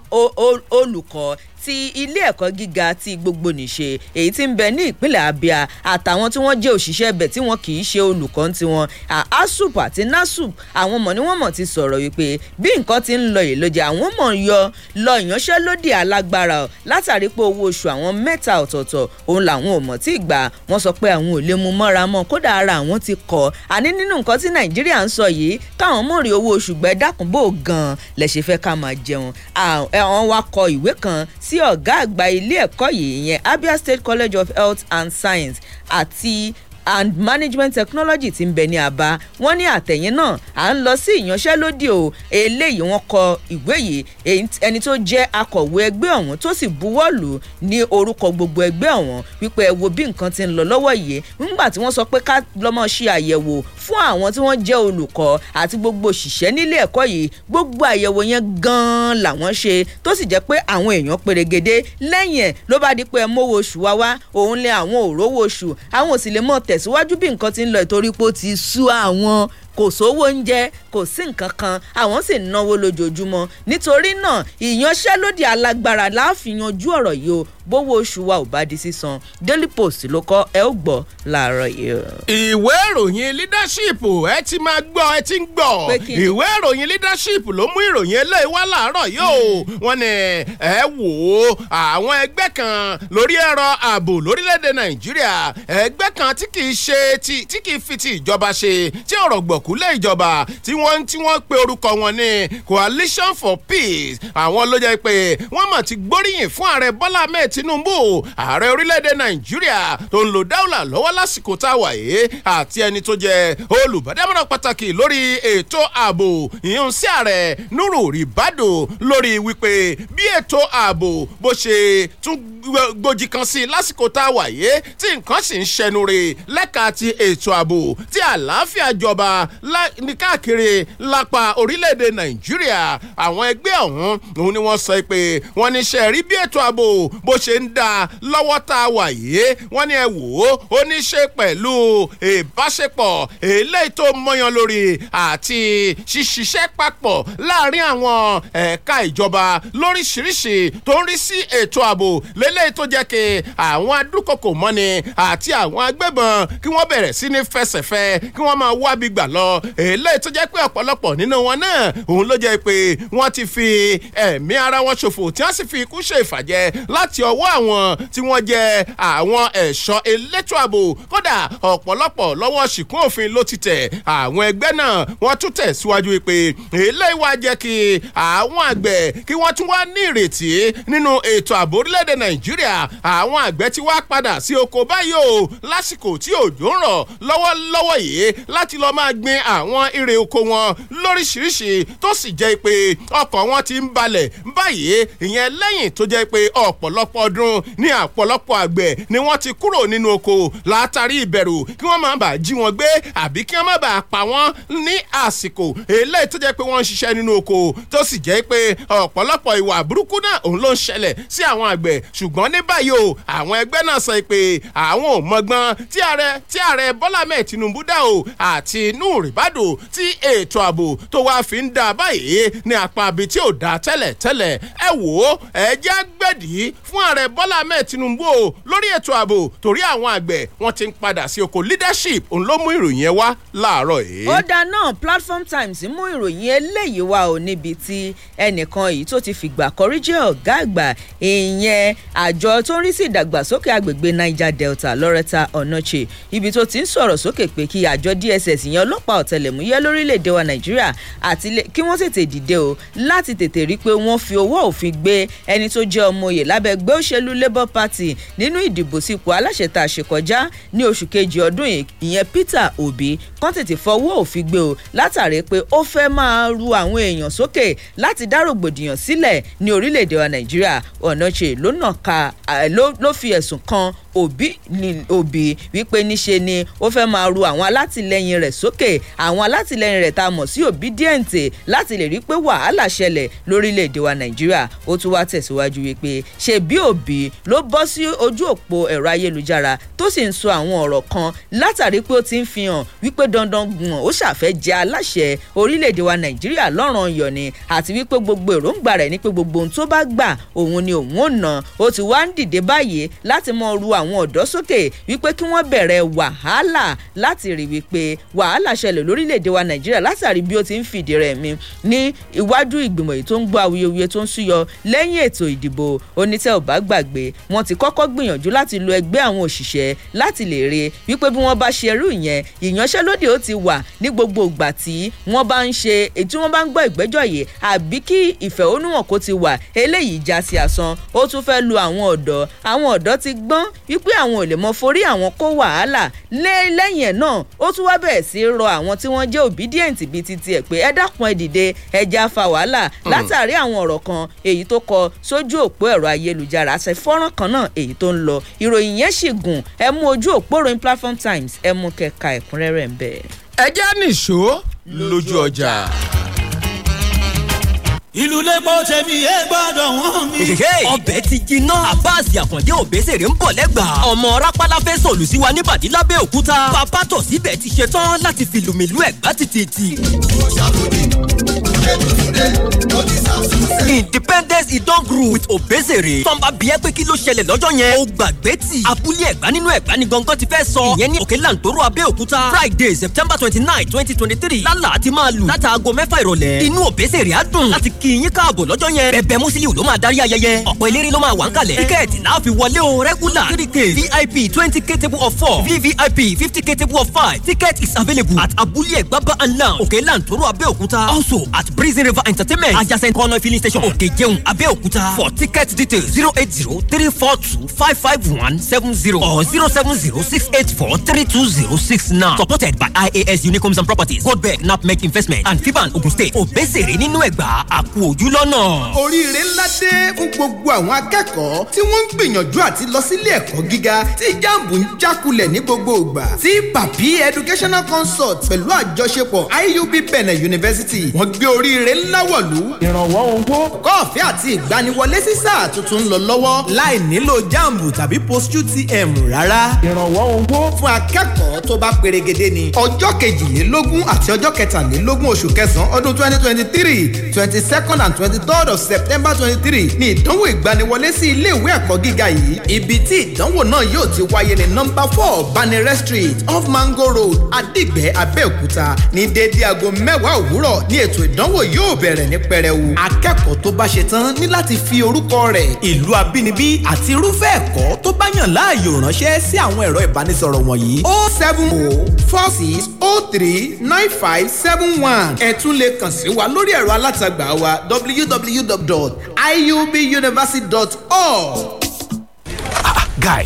olùkọ́ ti ilé ẹ̀kọ́ gíga ti gbogbonìṣe èyí tí ń bẹ ní ìpínlẹ̀ abia àtàwọn tí wọ́n jẹ́ òṣìṣẹ́ ibẹ̀ tí wọn kì í ṣe olùkọ́ tiwọn asup àti nasup àwọn mọ̀ ni wọ́n mọ̀ ti sọ̀rọ̀ wípé bí nǹkan ti ń lọ ìlọjà àwọn mọ̀ yọ lọ ìyanṣẹ́lódì alágbára ọ̀ látàrí pé owó oṣù àwọn mẹ́ta ọ̀tọ̀ọ̀tọ̀ òun làwọn ò mọ̀ tí gbà wọ́n sọ pé àwọn ò lè mú mọ́ra mọ́ kódà ara àwọn ti kọ̀ àní nínú nǹkan tí nàìjíríà ń sọ yìí káwọn mọ̀ owó oṣù gbẹ gan-an lẹ̀ ṣe fẹ́ ká máa jẹun àwọn wa kọ ìwé kan s tí ọ̀gá àgbà ilé ẹ̀kọ́ yìí ìyẹn abia state college of health and science àti and management technology ti ń bẹ ní aba wọn ní àtẹ̀yìn náà à ń lọ sí ìyanṣẹ́lódì o eléyìí wọn kọ ìwé yìí ẹni tó jẹ́ akọ̀wé ẹgbẹ́ ọ̀hún tó sì buwọ́ lù ní orúkọ gbogbo ẹgbẹ́ ọ̀hún wípé ẹ wo bí nǹkan ti ń lọ lọ́wọ́ yìí nígbà tí wọ́n sọ pé ká lọ́mọ ṣe àyẹ̀wò fún àwọn tí wọ́n jẹ́ olùkọ́ àti gbogbo òṣìṣẹ́ nílé ẹ̀kọ́ yìí gbogbo àyẹ̀wò yẹn gan-an làwọn ṣe tó sì jẹ́ pé àwọn èèyàn pèrègede lẹ́yìn ẹ̀ ló bá di pé ẹ oṣù wá wá òun lé àwọn òrówó oṣù àwọn ò lè mọ̀ tẹ̀síwájú bí nǹkan ti ń lọ ìtorí pé ó ti sú àwọn kò sówó oúnjẹ kò sí nǹkan kan àwọn sì ń náwó lójoojúmọ́ nítorí náà ìyanṣẹ́lódì alágbára láàfìyanjú ọ̀rọ̀ yìí o bówó oṣù wa ò bá di sísan daily post ló kọ ẹ ó gbọ́ láàárọ̀ yìí. ìwé ìròyìn leadership ẹ ti máa gbọ́ ẹ ti ń gbọ́ ìwé ìròyìn leadership ló mú ìròyìn eléyìí wá láàárọ̀ yìí o hmm. wọ́n ní ẹ wò ó àwọn ẹgbẹ́ kan lórí ẹ̀rọ ààbò lórílẹ̀ nàìjíríà ẹgbẹ́ kan tí kì í ṣe tí kì í fi ti ìjọba ṣe tí ọ̀rọ̀ gbọ̀ ìgbọ̀kúlẹ̀ ìjọba tí wọ́n tí wọ́n pe orúkọ wọn ní coalition for peace àwọn ló jẹ́ pé wọ́n mọ̀ ti gbóríyìn fún ààrẹ bọ́lá mẹ́ẹ̀ tinubu ààrẹ orílẹ̀-èdè nàìjíríà tó ń lo dáúlà lọ́wọ́ lásìkò tá a wà yìí àti ẹni tó jẹ́ olùbádámọ̀ràn pàtàkì lórí ètò ààbò ìyún sí ààrẹ nuru ribado lórí wípé bí ètò ààbò bó ṣe tún gbòjì kan sí lásìkò tá a wà yìí tí nǹkan sì ń ṣẹnu rè lẹ́ka ti ètò ààbò tí àlàáfíà jọba ní káàkiri lápá orílẹ̀-èdè nàìjíríà àwọn ẹgbẹ́ ọ̀hún òun ni wọ́n sọ pé wọ́n ní ṣe rí bí ètò ààbò bó ṣe ń da lọ́wọ́ tá a wà yìí wọ́n ní ẹ wò ó ó ní ṣe pẹ̀lú ìbáṣepọ̀ eléyìí tó mọyán lórí àti ṣíṣiṣẹ́ papọ̀ láàrin àwọn ẹ̀ka ìjọba lóríṣiríṣi tó ń rí sí ètò ààbò lélẹ́yìí tó jẹ́ kí àwọn adúkòkò mọ́ni àti àwọn agbébọn kí wọ́n bẹ̀rẹ̀ sí ní fẹsẹ̀fẹ kí wọ́n máa wábi gbà lọ lọ eléyìí tó jẹ́ pé ọ̀pọ̀lọpọ̀ nínú wọn náà òun ló jẹ́ pé wọ́n ti fi ẹ̀mí ara wọn ṣòfò tí wọ́n sì fi ikú ṣe ìfàjẹ láti ọwọ́ àwọn tí wọ́n jẹ́ àwọn ẹ̀ṣọ́ elétò ààbò kódà ọ̀pọ̀lọpọ̀ lọ́wọ́ ṣìkún òfin ló ti tẹ̀ àwọn ẹgbẹ́ náà wọ́n tún tẹ̀ síwájú pé eléyìí wá jẹ́ kí àwọn àgbẹ̀ kí wọ́n tún wá ní ìrètí nínú ètò ààbò orílẹ̀-èdè nàìjíríà àwọn àgbẹ̀ ti wá padà sí oko báyìí o lásìkò tí òjò ń rọ̀ lọ́wọ́lọ́wọ́ yìí láti lọ́ọ́ máa gbin gbin àwọn irè oko wọn lóríṣiríṣi tó sì jẹ́ pé ọkọ̀ wọn ti ń balẹ̀ báyìí ìyẹn lẹ́yìn tó jẹ́ pé ọ̀pọ̀lọpọ̀ ọdún ní ọ̀pọ̀lọpọ̀ àgbẹ̀ ni wọ́n ti kúrò nínú oko látàrí ìbẹ̀rù kí wọ́n má bàa jí wọn gbé àbí kí wọ́n má bàa pa wọ́n ní àsìkò eléyìí tó jẹ́ pé wọ́n ń ṣiṣẹ́ nínú oko tó sì jẹ́ pé ọ̀pọ̀lọpọ̀ ìwà burúkú náà òun ló ń ṣẹlẹ̀ sí àwọn àgbẹ̀ ṣùgbọ́n ní báyìí o àwọn ẹgbẹ́ náà sọ pé àwọn ò mọgbọ́n tí ààrẹ Bọ́lá mẹ́ẹ̀ o àti inú òrìbádò tí ètò ààbò tó wá fi ń dá báyìí ní apá ibi tí ò dá tẹ́lẹ̀ ẹ wò ó ẹ jẹ́ àgbẹ̀dì fún ààrẹ bọ́lá ahmed tinubu o lórí ètò ààbò torí àwọn àgbẹ̀ wọ́n ti ń padà sí oko leadership òun ló mú ìròyìn ẹ wá láàárọ̀ yìí. ó dáa náà platform times mú ìròyìn eléyìí wá o níbi tí ẹnìkan yìí tó ti fìgbà kọrí jẹ́ ọ̀gá àgbà ìyẹn àjọ tó ń rí sí ìdàgbàsókè agbègbè niger delta loretta onoche ibi tó ti ń sọ̀rọ̀ sókè pé kí àjọ dss ìyẹn ọlọ́pàá ọlọ́pàá ọ̀tẹlẹ̀múyẹ́ lórílẹ̀‐èdè wa nàìjíríà àti kí wọ́n tètè dìde o láti tètè rí i pé wọ́n fi ọwọ́ òfin gbé ẹni tó jẹ́ ọmọ oyè lábẹ́ òṣèlú labour party nínú ìdìbò sípò aláṣẹ tá a ṣe kọjá ní oṣù kejì ọdún ìyẹn peter obi kán tètè fọwọ́ òfin gbé o látàrí pé ó fẹ́ máa ru àwọn èèyàn sókè láti dá sílẹ̀ ní orílẹ̀-èdè wa nàìjíríà ọ̀nà ṣe ló fi ẹ̀sùn kan òbí wípé níṣe ni ó fẹ́ máa ru àwọn alátìlẹyìn rẹ̀ sókè àwọn alátìlẹyìn rẹ̀ tá a mọ̀ sí òbí díẹ̀ǹtì láti lè rí pé wàhálà ṣẹlẹ̀ lórílẹ̀‐èdè wa nàìjíríà ó tún wá tẹ̀síwájú wípé ṣe bí òbí ló bọ́ sí ojú òpó ẹ̀rọ ayélujára tó sì ń sọ àwọn ọ̀rọ̀ kan látàrí pé ó ti ń fi hàn wípé dandan gbọ̀n ó ṣàfẹ́ aláṣẹ orílẹ̀‐èdè wa nàìjíríà lọ́rùn ọyọ̀ ni àti wípé gbogbo èròǹgbà rẹ̀ ni pé gbogbo ohun tó bá gbà òun ni òun ò ná ó ti wá ń dìde báyìí láti mọ ru à àwọn ọ̀dọ́ sókè wípé kí wọ́n bẹ̀rẹ̀ wàhálà láti rí wípé wàhálà ṣẹlẹ̀ lórílẹ̀‐èdè wa nàìjíríà látàrí bí ó ti ń fìdí rẹ̀ mi ní iwájú ìgbìmọ̀ èyí tó ń gbọ́ awuyewuye tó ń súyọ lẹ́yìn ètò ìdìbò onítẹ̀ ò bá gbàgbé wọ́n ti kọ́kọ́ gbìyànjú láti lo ẹgbẹ́ àwọn òṣìṣẹ́ láti lè rí wípé bí wọ́n bá ṣe irú ìyẹn ìyanṣẹ́lódì ó ti wà ní gbogbo ìgbà tí wọ́n bá ń ṣe tí wọ́n bá ń gbọ́ ìgbẹ́jọ́ yìí àbí kí ìfẹ̀hónúhàn kó ti wà eléyìí já sí asán ó tún fẹ́ lu àwọn ọ̀dọ́ àwọn ọ̀dọ́ ti gbọ́n wípé àwọn ò lè mọ forí àwọn kó wàhálà lé lẹ́yìn ẹ̀ náà ó tún wá bẹ̀rẹ̀ sí rọ àwọn tí wọ́n jẹ́ obedient bíi ti tiẹ̀ pé ẹ dákun ẹ dìde ẹja fa wàhálà hmm. látàrí àwọn ọ̀rọ̀ kan èyí tó kọ sójú òpó ẹ̀rọ ayélujára àṣẹ fọ́nrán kan náà èyí tó ń lọ ìròyìn yẹn sì gùn ẹ mú ojú òpó ìròyìn platform times ẹ mú kẹka ẹ̀kúnrẹ́rẹ́ ń bẹ̀. ẹ jẹ́ nìṣó lójú ọjà ìlú lẹ́gbọ́ tẹ̀mí ẹ gbọ́dọ̀ wọ́n mi. ọbẹ̀ ti jiná abáàsì àkàndé òbésèré ń bọ̀ lẹ́gbàá ọmọ rápálá fẹ́ sọ̀lù sí wa níbàdí lábẹ́ òkúta bàbá tọ̀ síbẹ̀ ti ṣetán láti fi lùmìlú ẹ̀gbá títì independence idán group with obezere tọ́nba bíẹ́ pé kí ló ṣẹlẹ̀ lọ́jọ́ yẹn ó gbàgbé tì abúlé ẹ̀gbá nínú ẹ̀gbá ni gangan ti fẹ́ sọ ìyẹn ní òkè lantoro abẹ́òkúta friday september twenty nine twenty twenty three lálà àti máa lù látàgọ́ mẹ́fà ìrọ̀lẹ́ inú obezere á dùn láti kí yín káàbọ̀ lọ́jọ́ yẹn bẹ̀bẹ̀ musiliu ló máa darí ayẹyẹ ọ̀pọ̀ eléré ló máa wà ń kalẹ̀ tíkẹ́ẹ̀tì regular three vip twenty k table of four vvip fifty k table of five ticket is available at abúlé ẹ̀gbá bar and lounge òkè lantoro abẹ́òkúta also at Breezy river entertainment adjacent corner filling station òkè jẹun abẹ́òkúta for ticket details zero eight zero three four two five five one seven zero or zero seven zero six eight four three two zero six nine supported by ias unicoms and properties goldberg napmec investment and fiban ogun state òbẹ́sẹ̀rẹ̀ nínú ẹ̀gbá àkú ojú lọ́nà. oríire ńlá dé fún gbogbo àwọn akẹ́kọ̀ọ́ tí wọ́n ń gbìyànjú àti lọ sílé ẹ̀kọ́ gíga tí jáàmù ń jákulẹ̀ ní gbogbo ìgbà tí papi educational consult pẹ̀lú àjọṣepọ̀ iub benin university wọ́n gbé orí oríire ńlá wọ̀lú. ìrànwọ́ owó. kọ́ọ̀fẹ́ àti ìgbaniwọlé sí sáà tuntun ń lọ lọ́wọ́ láì nílò jáàmù tàbí post utm rárá. ìrànwọ́ owó. fún akẹ́kọ̀ọ́ tó bá perégedé ni. ọjọ́ kejìlélógún àti ọjọ́ kẹtàlélógún oṣù kẹsàn-án ọdún twenty twenty three twenty second and twenty third of september twenty three ni ìdánwò ìgbaniwọlé sí ilé ìwé ẹ̀kọ́ gíga yìí. ibi tí ìdánwò náà yóò ti wáyé ní nọ́mbà four banire street off mango road adigbe abẹ́òkúta ní déédéé aago mẹ́wàá òwúrọ̀ ní ètò ìdánwò ìdánwò yóò bẹ̀rẹ̀ ní pẹrẹwu. akẹ́kọ̀ọ́ tó bá ṣe tán ní láti fi orúkọ rẹ̀ ìlú abínibí àti irúfẹ́ ẹ̀kọ́ tó bá yàn láàyò ránṣẹ́ sí àwọn ẹ̀rọ ìbánisọ̀rọ̀ wọ̀nyí. o oh seven o oh four six o oh three nine five seven one ẹ tún lè kàn sí wa lórí ẹ̀rọ alátagbà wa www.iubuniversity.org. Ah, guy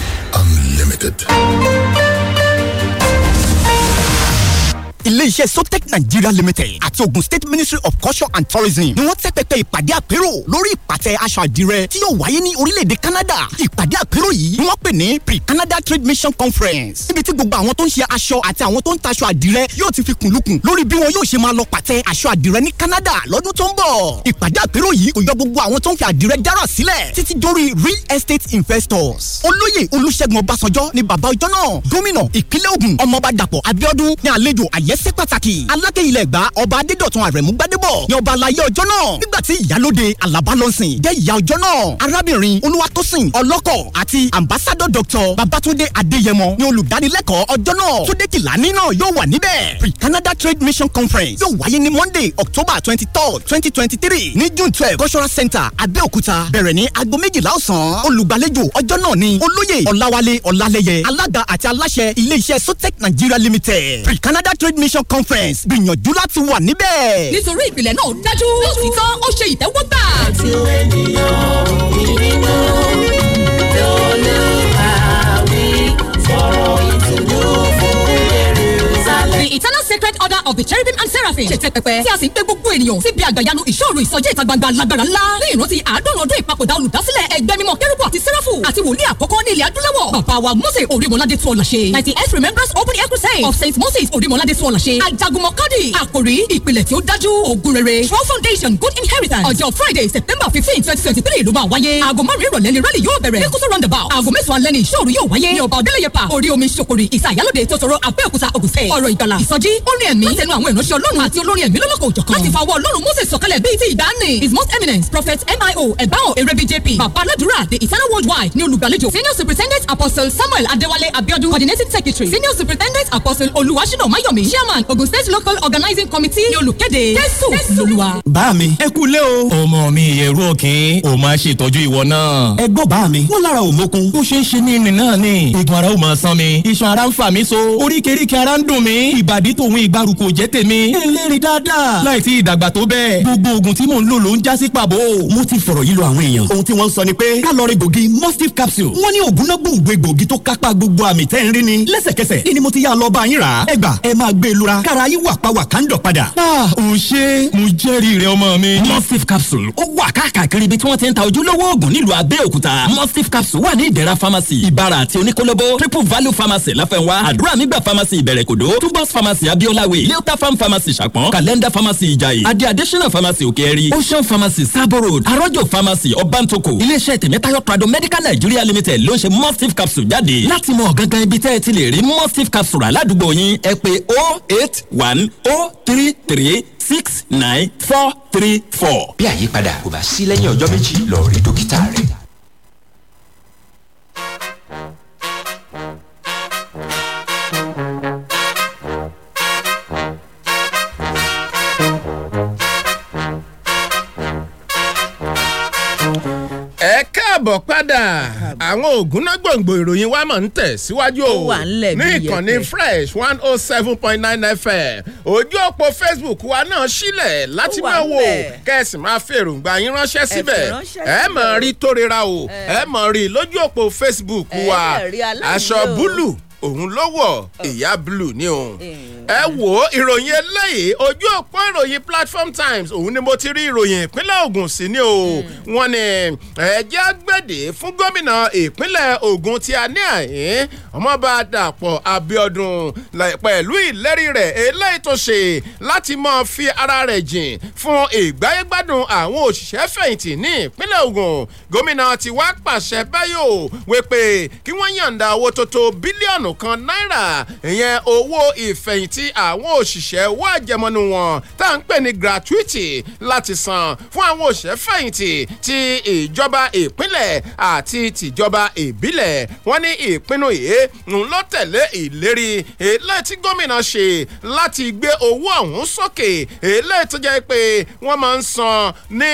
Unlimited. iléeṣẹ́ Sotec Nigeria Limited àti Ogun State Ministry of Culture and Tourism ni wọ́n tẹ́ pẹpẹ ìpàdé àpérò lórí ìpàtẹ aṣọ àdìrẹ tí yóò wáyé ní orílẹ̀-èdè Canada ìpàdé àpérò yìí ni wọ́n pè ní Pre-Canada Trade Mission Conference níbi tí gbogbo àwọn tó ń ṣe aṣọ àti àwọn tó ń taṣọ àdìrẹ yóò ti fi kùnlùkùn lórí bí wọn yóò ṣe máa lọ pàtẹ aṣọ àdìrẹ ní Canada lọ́dún tó ń bọ̀ ìpàdé àpérò yìí kò yọ gbogbo àwọn tó ń fi àdìrẹ dára sílẹ̀ títí dórí real estate investors olóyè Olúṣẹ́gun Ọbásanjọ́ ni bàbá ọjọ́ náà gómìnà ìpínlẹ̀ Ògùn ọmọọba Dàpọ̀ Abíọ́dún ní àlejò àyè ìgbésí pàtàkì aláké ilẹ̀ Ẹ̀gbá ọba adédọ̀tun àrẹ̀mú gbádébọ̀ ni ọba alayé ọjọ́ náà nígbà tí ìyálóde alaba lọ́sìn jẹ́ ìyá ọjọ́ náà arábìnrin olúwatósìn ọlọ́kọ̀ àti ambassador doctor babatunde adéyẹmọ ni olùdánilẹ́kọ̀ọ́ ọjọ́ náà túndé kìlání náà yóò wà níbẹ̀ pre-canada trade mission conference yóò wáyé ní monday october twenty third twenty twenty three ní june twelve cultural center abẹ́òkúta bẹ̀rẹ̀ ní aago méjìlá ọ̀sán olùgbàlejò ọjọ́ náà ni olóyè ọ̀làwálé ọ̀làlẹ́yẹ alága àti aláṣẹ ilé iṣẹ́ sotec nigeria limited pre-canada trade admission conference gbìyànjú láti wà níbẹ̀. nítorí ìpìlẹ̀ náà dájú ó sì tán ó ṣe ìtẹ́wọ́gbà. àti ènìyàn ìrìnnà tó lè bá wí sọ̀rọ̀ eternal sacred order of the cherubim and seraphim ṣètò pẹpẹ tí a sì ń pe gbogbo ènìyàn síbi àgbàyanu ìṣòro ìsọjí ìta gbangba lágbára ńlá ní ìrántí àádọ́rùn ọdún ìpapòdà olùdásílẹ̀ ẹgbẹ́ mímọ́ kérúbù àti sẹ́ráfù àti wòlíì àkọ́kọ́ ní ilẹ̀ adúláwọ̀ bàbá wa Moses orímọ̀ládé tún ọ̀la ṣe ninety eight remembrance open air crusade of saint Moses orímọ̀ládé tún ọ̀la ṣe ajagunmọ̀kádì àkòrí ìpìlẹ̀ tí ó dájú ògùn rere true foundation good inheritance ọjọ́ friday september fifteen twenty twenty three ló máa wáyé aago márùn ìrọ̀lẹ́ ni rally yóò bẹ̀rẹ̀ nítòsó roundabout aago mẹ́sàn-án lẹ́ni ìṣòro yóò wáyé ní ọba ọdẹ́lẹ̀yẹpà orí omi ṣokòrì ìsàyálòde ìsọjí orin ẹ̀mí látẹnu àwọn ìránṣẹ́ ọlọ́run àti olórin ẹ̀mí lọ́lọ́kọ̀ òjọ̀kan láti fàwọ́ ọlọ́run moses sọ̀kalẹ̀ bíi ti ìdáni his most eminent prophet mio ẹ̀báhàn erebi jp bàbá aládùúrà the eternal worldwide ní olùgbàlejò senior superintendent apostle samuel Adewale abiodun coordinating secretary senior superintendent apostle olùwàṣínà mayomi chairman ogun state local organizing committee ní olùkéde jésù lolúwa. bá mi ẹ kú lé o. ọmọ mi ìyẹ̀rú òkè o máa ṣètọ́jú ìwọ náà. ẹ gbọ́ bá mi wọ́n lára òmokun. ó ṣeé ṣe ní ìrìn náà ni. igun ara ó máa sán mi. iṣan ara ń fà mí so. oríkèéríkèé ara ń dùn mí. ìb ìbàdí tòun ìgbàrúkọ jẹ́ tèmi. eléèrè dáadáa. láì tí ìdàgbà tó bẹ́ẹ̀. gbogbo oògùn tí mò ń lò ló ń já sí pàbó. mo ti fọ̀rọ̀ yìí lọ àwọn èèyàn. ohun tí wọ́n sọ ni pé kálọ̀rì gògì mustif capsule. wọ́n ní ògùn náà gbòǹgbò egbògi tó kápá gbogbo àmì tẹ́ ń rí ni. lẹ́sẹ̀kẹsẹ̀ ni mo ti yá lọ bá yín rà. ẹ gbà ẹ máa gbé e lura. kára yín wà pa wà ká ń dọ̀ padà. ó ah, ṣe mo jẹ́rìí rẹ ọmọ mi. mustif capsule ó wà káàkiri ibi tí wọ́n ti ń ta ojúlówó oògùn capsule wà ní pharmacy ìbára àti oníkólóbó triple value pharmacy láfẹ́nwá àdúrà mi gbà pharmacy ìbẹ̀rẹ̀kòdó tubos pharmacy pharmacy abiolawe leota farm pharmacy ṣàpọ̀n calendar pharmacy ìjàyè adé additional pharmacy òkè ocean pharmacy sabo road arọ́jọ pharmacy ọbàntoko iléeṣẹ́ tèmẹ́tayọ̀ prado medical nigeria limited ló ń ṣe mustif capsule jáde láti mọ gangan ibi tẹ́ ẹ ti lè rí mustif capsule aládùúgbò yín ẹ pè 08103 six nine four three four. bí àyípadà kò bá sí lẹ́yìn ọjọ́ méjì lọ rí dókítà rẹ̀. káàbọ̀ padà àwọn ògúnná gbòǹgbò ìròyìn wa mọ̀ ń tẹ̀ síwájú o ní ìkànnì fresh one oh seven point nine fm ojú òpó facebook wa náà sílẹ̀ láti máa wò kẹ́sì máa fi èròǹgbà yín ránṣẹ́ síbẹ̀ ẹ mọ̀ rí tó rira o ẹ mọ̀ rí lójú òpó facebook wa aṣọ búlù òun ló wọ̀ oh. ìyá blue ní òun. Eh. ẹ wo ìròyìn eléyìí ojú òpó ìròyìn platform times òun ni mo ti rí ìròyìn ìpínlẹ̀ Ògùn sí ni o hmm. wọ́n ní ẹ̀jẹ̀ àgbẹ̀dẹ̀ fún gómìnà ìpínlẹ̀ Ògùn tí a ní àyín ọmọọba Dàpọ̀ Abíọ́dún pẹ̀lú ìlérí rẹ̀ eléyìí tó ṣe láti máa fi ara rẹ̀ jìn fún ìgbáyégbádùn àwọn òṣìṣẹ́ fẹ̀yìntì ní ìpínlẹ̀ Ògùn gómìnà ti wá pàṣẹ báyò wípé kí wọ́n yàǹda owó tó tó bílíọ̀nù ẹgbẹ̀rún kan náírà ìyẹn owó ìfẹ̀yìntì àwọn òṣìṣẹ́ owó àjẹmọ́nú wọn tá à ń pè ní gratuity láti san fún àwọn òṣìṣẹ́ fẹ̀yìntì ti ìjọba ìpínlẹ̀ àti tìjọba ìbílẹ̀ wọ́n ní ìpinnu yìí ń lọ tẹ̀lé ìlérí eléyìí gómìnà ṣe láti gbé owó ọ̀hún sókè eléyìí tó jẹ́ pé wọ́n máa ń san ní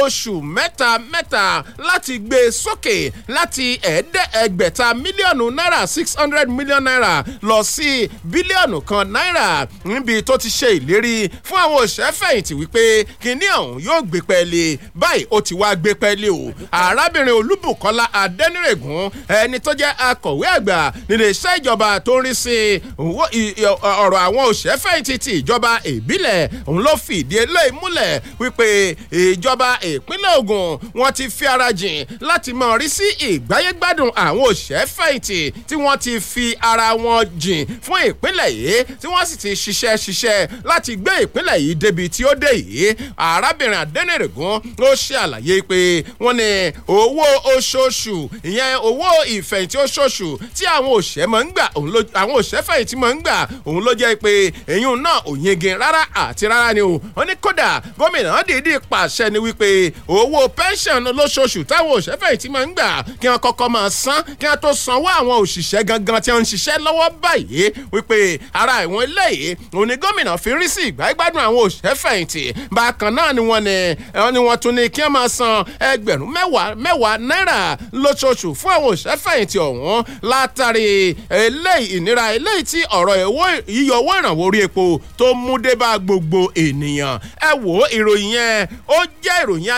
oṣù mẹ́ta mẹ́ta láti gbé sókè láti ẹ̀ẹ́dẹ́gbẹ̀ta mílíọ̀nù náírà six hundred hundred million naira lọ sí bílíọ̀nù kan náírà níbi tó ti ṣe ìlérí fún àwọn òṣèfẹ̀yìntì wípé kínní ọ̀hún yóò gbé pẹ́ẹ́lí báyìí ó ti wá gbé pẹ́ẹ́lí o arábìnrin olúbùkọ́lá adẹ́nirègún ẹni tó jẹ́ akọ̀wé àgbà nílé iṣẹ́ ìjọba tó ń rí sí ọ̀rọ̀ àwọn òṣèfẹ̀yìntì ti ìjọba ìbílẹ̀ òun ló fìdí eléyìí múlẹ̀ wípé ìjọba ìpínlẹ̀ Ògùn wọn ti fi ara jìn láti mọ̀ rí sí ìgbáyégbádùn àwọn òṣèfẹ̀yìntì tí wọ́n ti fi ara wọn jìn fún ìpínlẹ̀ yìí tí wọ́n sì ti ṣiṣẹ́ ṣiṣẹ́ láti gbé ìpínlẹ̀ yìí débi tí ó dé yìí arábìnrin adẹ́nìrègún ló ṣe àlàyé pé wọ́n ní owó oṣooṣù ìyẹn owó ìfẹ̀yìntì oṣooṣù tí àwọn òṣẹ́ máa ń gbà àwọn òṣẹ́ fẹ̀yìntì máa ń gbà òun ló jẹ́ pé èyún náà ò yingin rárá àti rárá ni o wọ́n ní kódà gómìnà dìídì pàṣẹ ni wípé owó pẹ́ńsàn lóṣooṣù táwọn òṣẹ́ fẹ̀yìntì máa ń gbà kí wọ́n kọ́kọ́ máa san kí wọ́n tó sanwó àwọn òṣìṣẹ́ gangan tí wọ́n ń ṣiṣẹ́ lọ́wọ́ báyìí wípé ara ìwọ̀n eléyìí òun ni gómìnà fi rí sí ìgbà ìgbádùn àwọn òṣìṣẹ́ fẹ̀yìntì bákan náà ni wọ́n ní wọ́n ní wọ́n tún ní kí wọ́n máa san ẹgbẹ̀rún mẹ́wàá mẹ́wàá náírà lóṣooṣù fún àwọn òṣìṣẹ́ fẹ̀yìntì ọ̀hún látàrí eléyìí ìnira eléyìí tí ọ̀rọ̀ yíyọ owó ìrànwọ́ orí epo tó mú dé bá gbogbo ènìyàn ẹ wò ìròyìn yẹn ó jẹ́ ìròyìn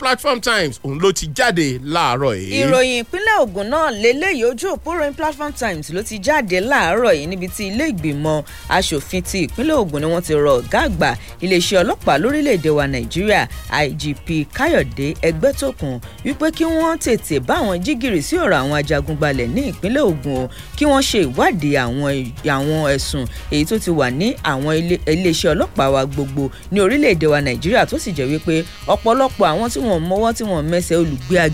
platform times òun ti jáde láàárọ̀ yìí. ìròyìn ìpínlẹ̀ Ògùn náà lélẹ́yìí ojú òpó Platform Times ló ti jáde láàárọ̀ yìí níbi tí ilé ìgbìmọ̀ asòfin ti ìpínlẹ̀ Ògùn ni wọ́n ti rọ ọ̀gá àgbà iléeṣẹ́ ọlọ́pàá lórílẹ̀‐èdè wa Nàìjíríà IGP Káyọ̀dé Ẹgbẹ́tókun wípé kí wọ́n tètè bá àwọn jígìrì sí ọ̀rọ̀ àwọn ajagunbalẹ̀ ní ìpínlẹ̀ Ògùn o kí wọ́n ṣe ìwádìí àwọn ẹ̀sùn èyí tó ti wà ní àwọn iléeṣẹ́ ọlọ́pàá wa wa Nàìjíríà tó sì jẹ́ wípé ọ̀pọ̀lọpọ̀ àwọn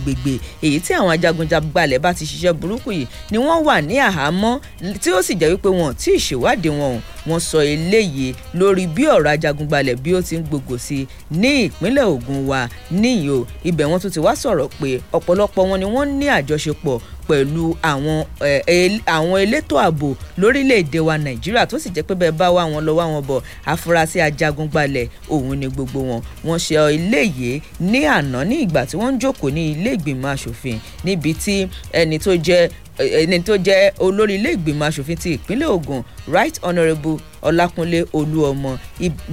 tí àgbègbè èyí tí àwọn ajagunjagbalẹ̀ bá ti ṣiṣẹ́ burúkú yìí ni wọ́n wà ní àhámọ́ tí ó sì jẹ́ wípé wọn tí ì wọn o wọ́n sọ eléyìí lórí bí ọ̀rọ̀ ajagunbalẹ̀ bí ó ti ń gbogbo sí ní ìpínlẹ̀ Ògùn wa níyì o ibẹ̀ wọ́n tún ti wá sọ̀rọ̀ pé ọ̀pọ̀lọpọ̀ wọn ni wọ́n ní àjọṣepọ̀ pẹ̀lú àwọn elétò ààbò lórílẹ̀‐èdè wa nàìjíríà tó sì jẹ́ pé bẹ́ẹ̀ bá wá wọn lọ wọn bọ̀ afurasí ajagunbalẹ̀ òun ni gbogbo wọn wọ́n ṣe eléyìí ní àná ní ìgbà tí wọ́n ń jókòó ní ilé ìgbìmọ̀ asòfin níbi tí ẹni tó jẹ́ ẹni tó jẹ́ olórí ilé ìgbìmọ̀ asòfin ti ìpínlẹ̀ Ògùn Right Honourable ọlákúnlé olúọmọ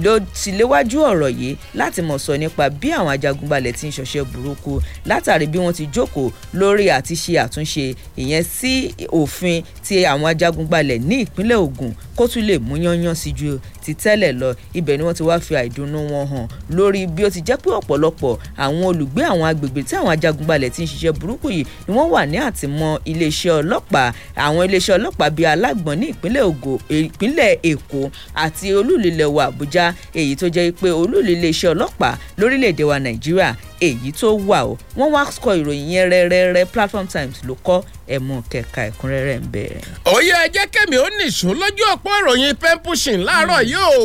ló ti léwájú ọ̀rọ̀ yìí láti mọ̀ sọ nípa bí àwọn ajagunbalẹ̀ ti ń ṣọṣẹ́ burúkú látàrí bí wọ́n ti jókòó lórí àti ṣe àtúnṣe ìyẹn sí òfin ti àwọn ajagunbalẹ̀ ní ìpínlẹ̀ Ògùn kó tún lè mú yányán sí ju ti tẹ́lẹ̀ lọ ibẹ̀ ni wọ́n ti wá fi àìdùnnú wọn hàn lórí bí ó ti jẹ́ pé ọ̀pọ̀lọpọ̀ àwọn olùgbé àwọn agbègbè tí àwọn ajagunbalẹ̀ ti ń ṣiṣẹ́ burúkú yìí ni wọ́n wà ní àtìmọ́ iléeṣẹ́ ọlọ́pàá àwọn iléeṣẹ́ ọlọ́pàá bíi alágbọ̀n ní ìpínlẹ̀ Èkó àti olúìlú ilẹ̀ wa àbújá èyí tó jẹ́ pé olúìlú iléeṣẹ́ ọlọ́pàá lórílẹ̀‐èdè wa nàìjíríà èyí tó wà ó wọ́n wá kọ ìròyìn yẹn rẹ́rẹ́rẹ́ platform times ló kọ́ ẹ̀mú kẹka ẹ̀kúnrẹ́rẹ́ ń bẹ̀. òye ẹjẹ́ kẹ́mi ó nìṣó lójú òpó ìròyìn pen pushing láàárọ̀ yóò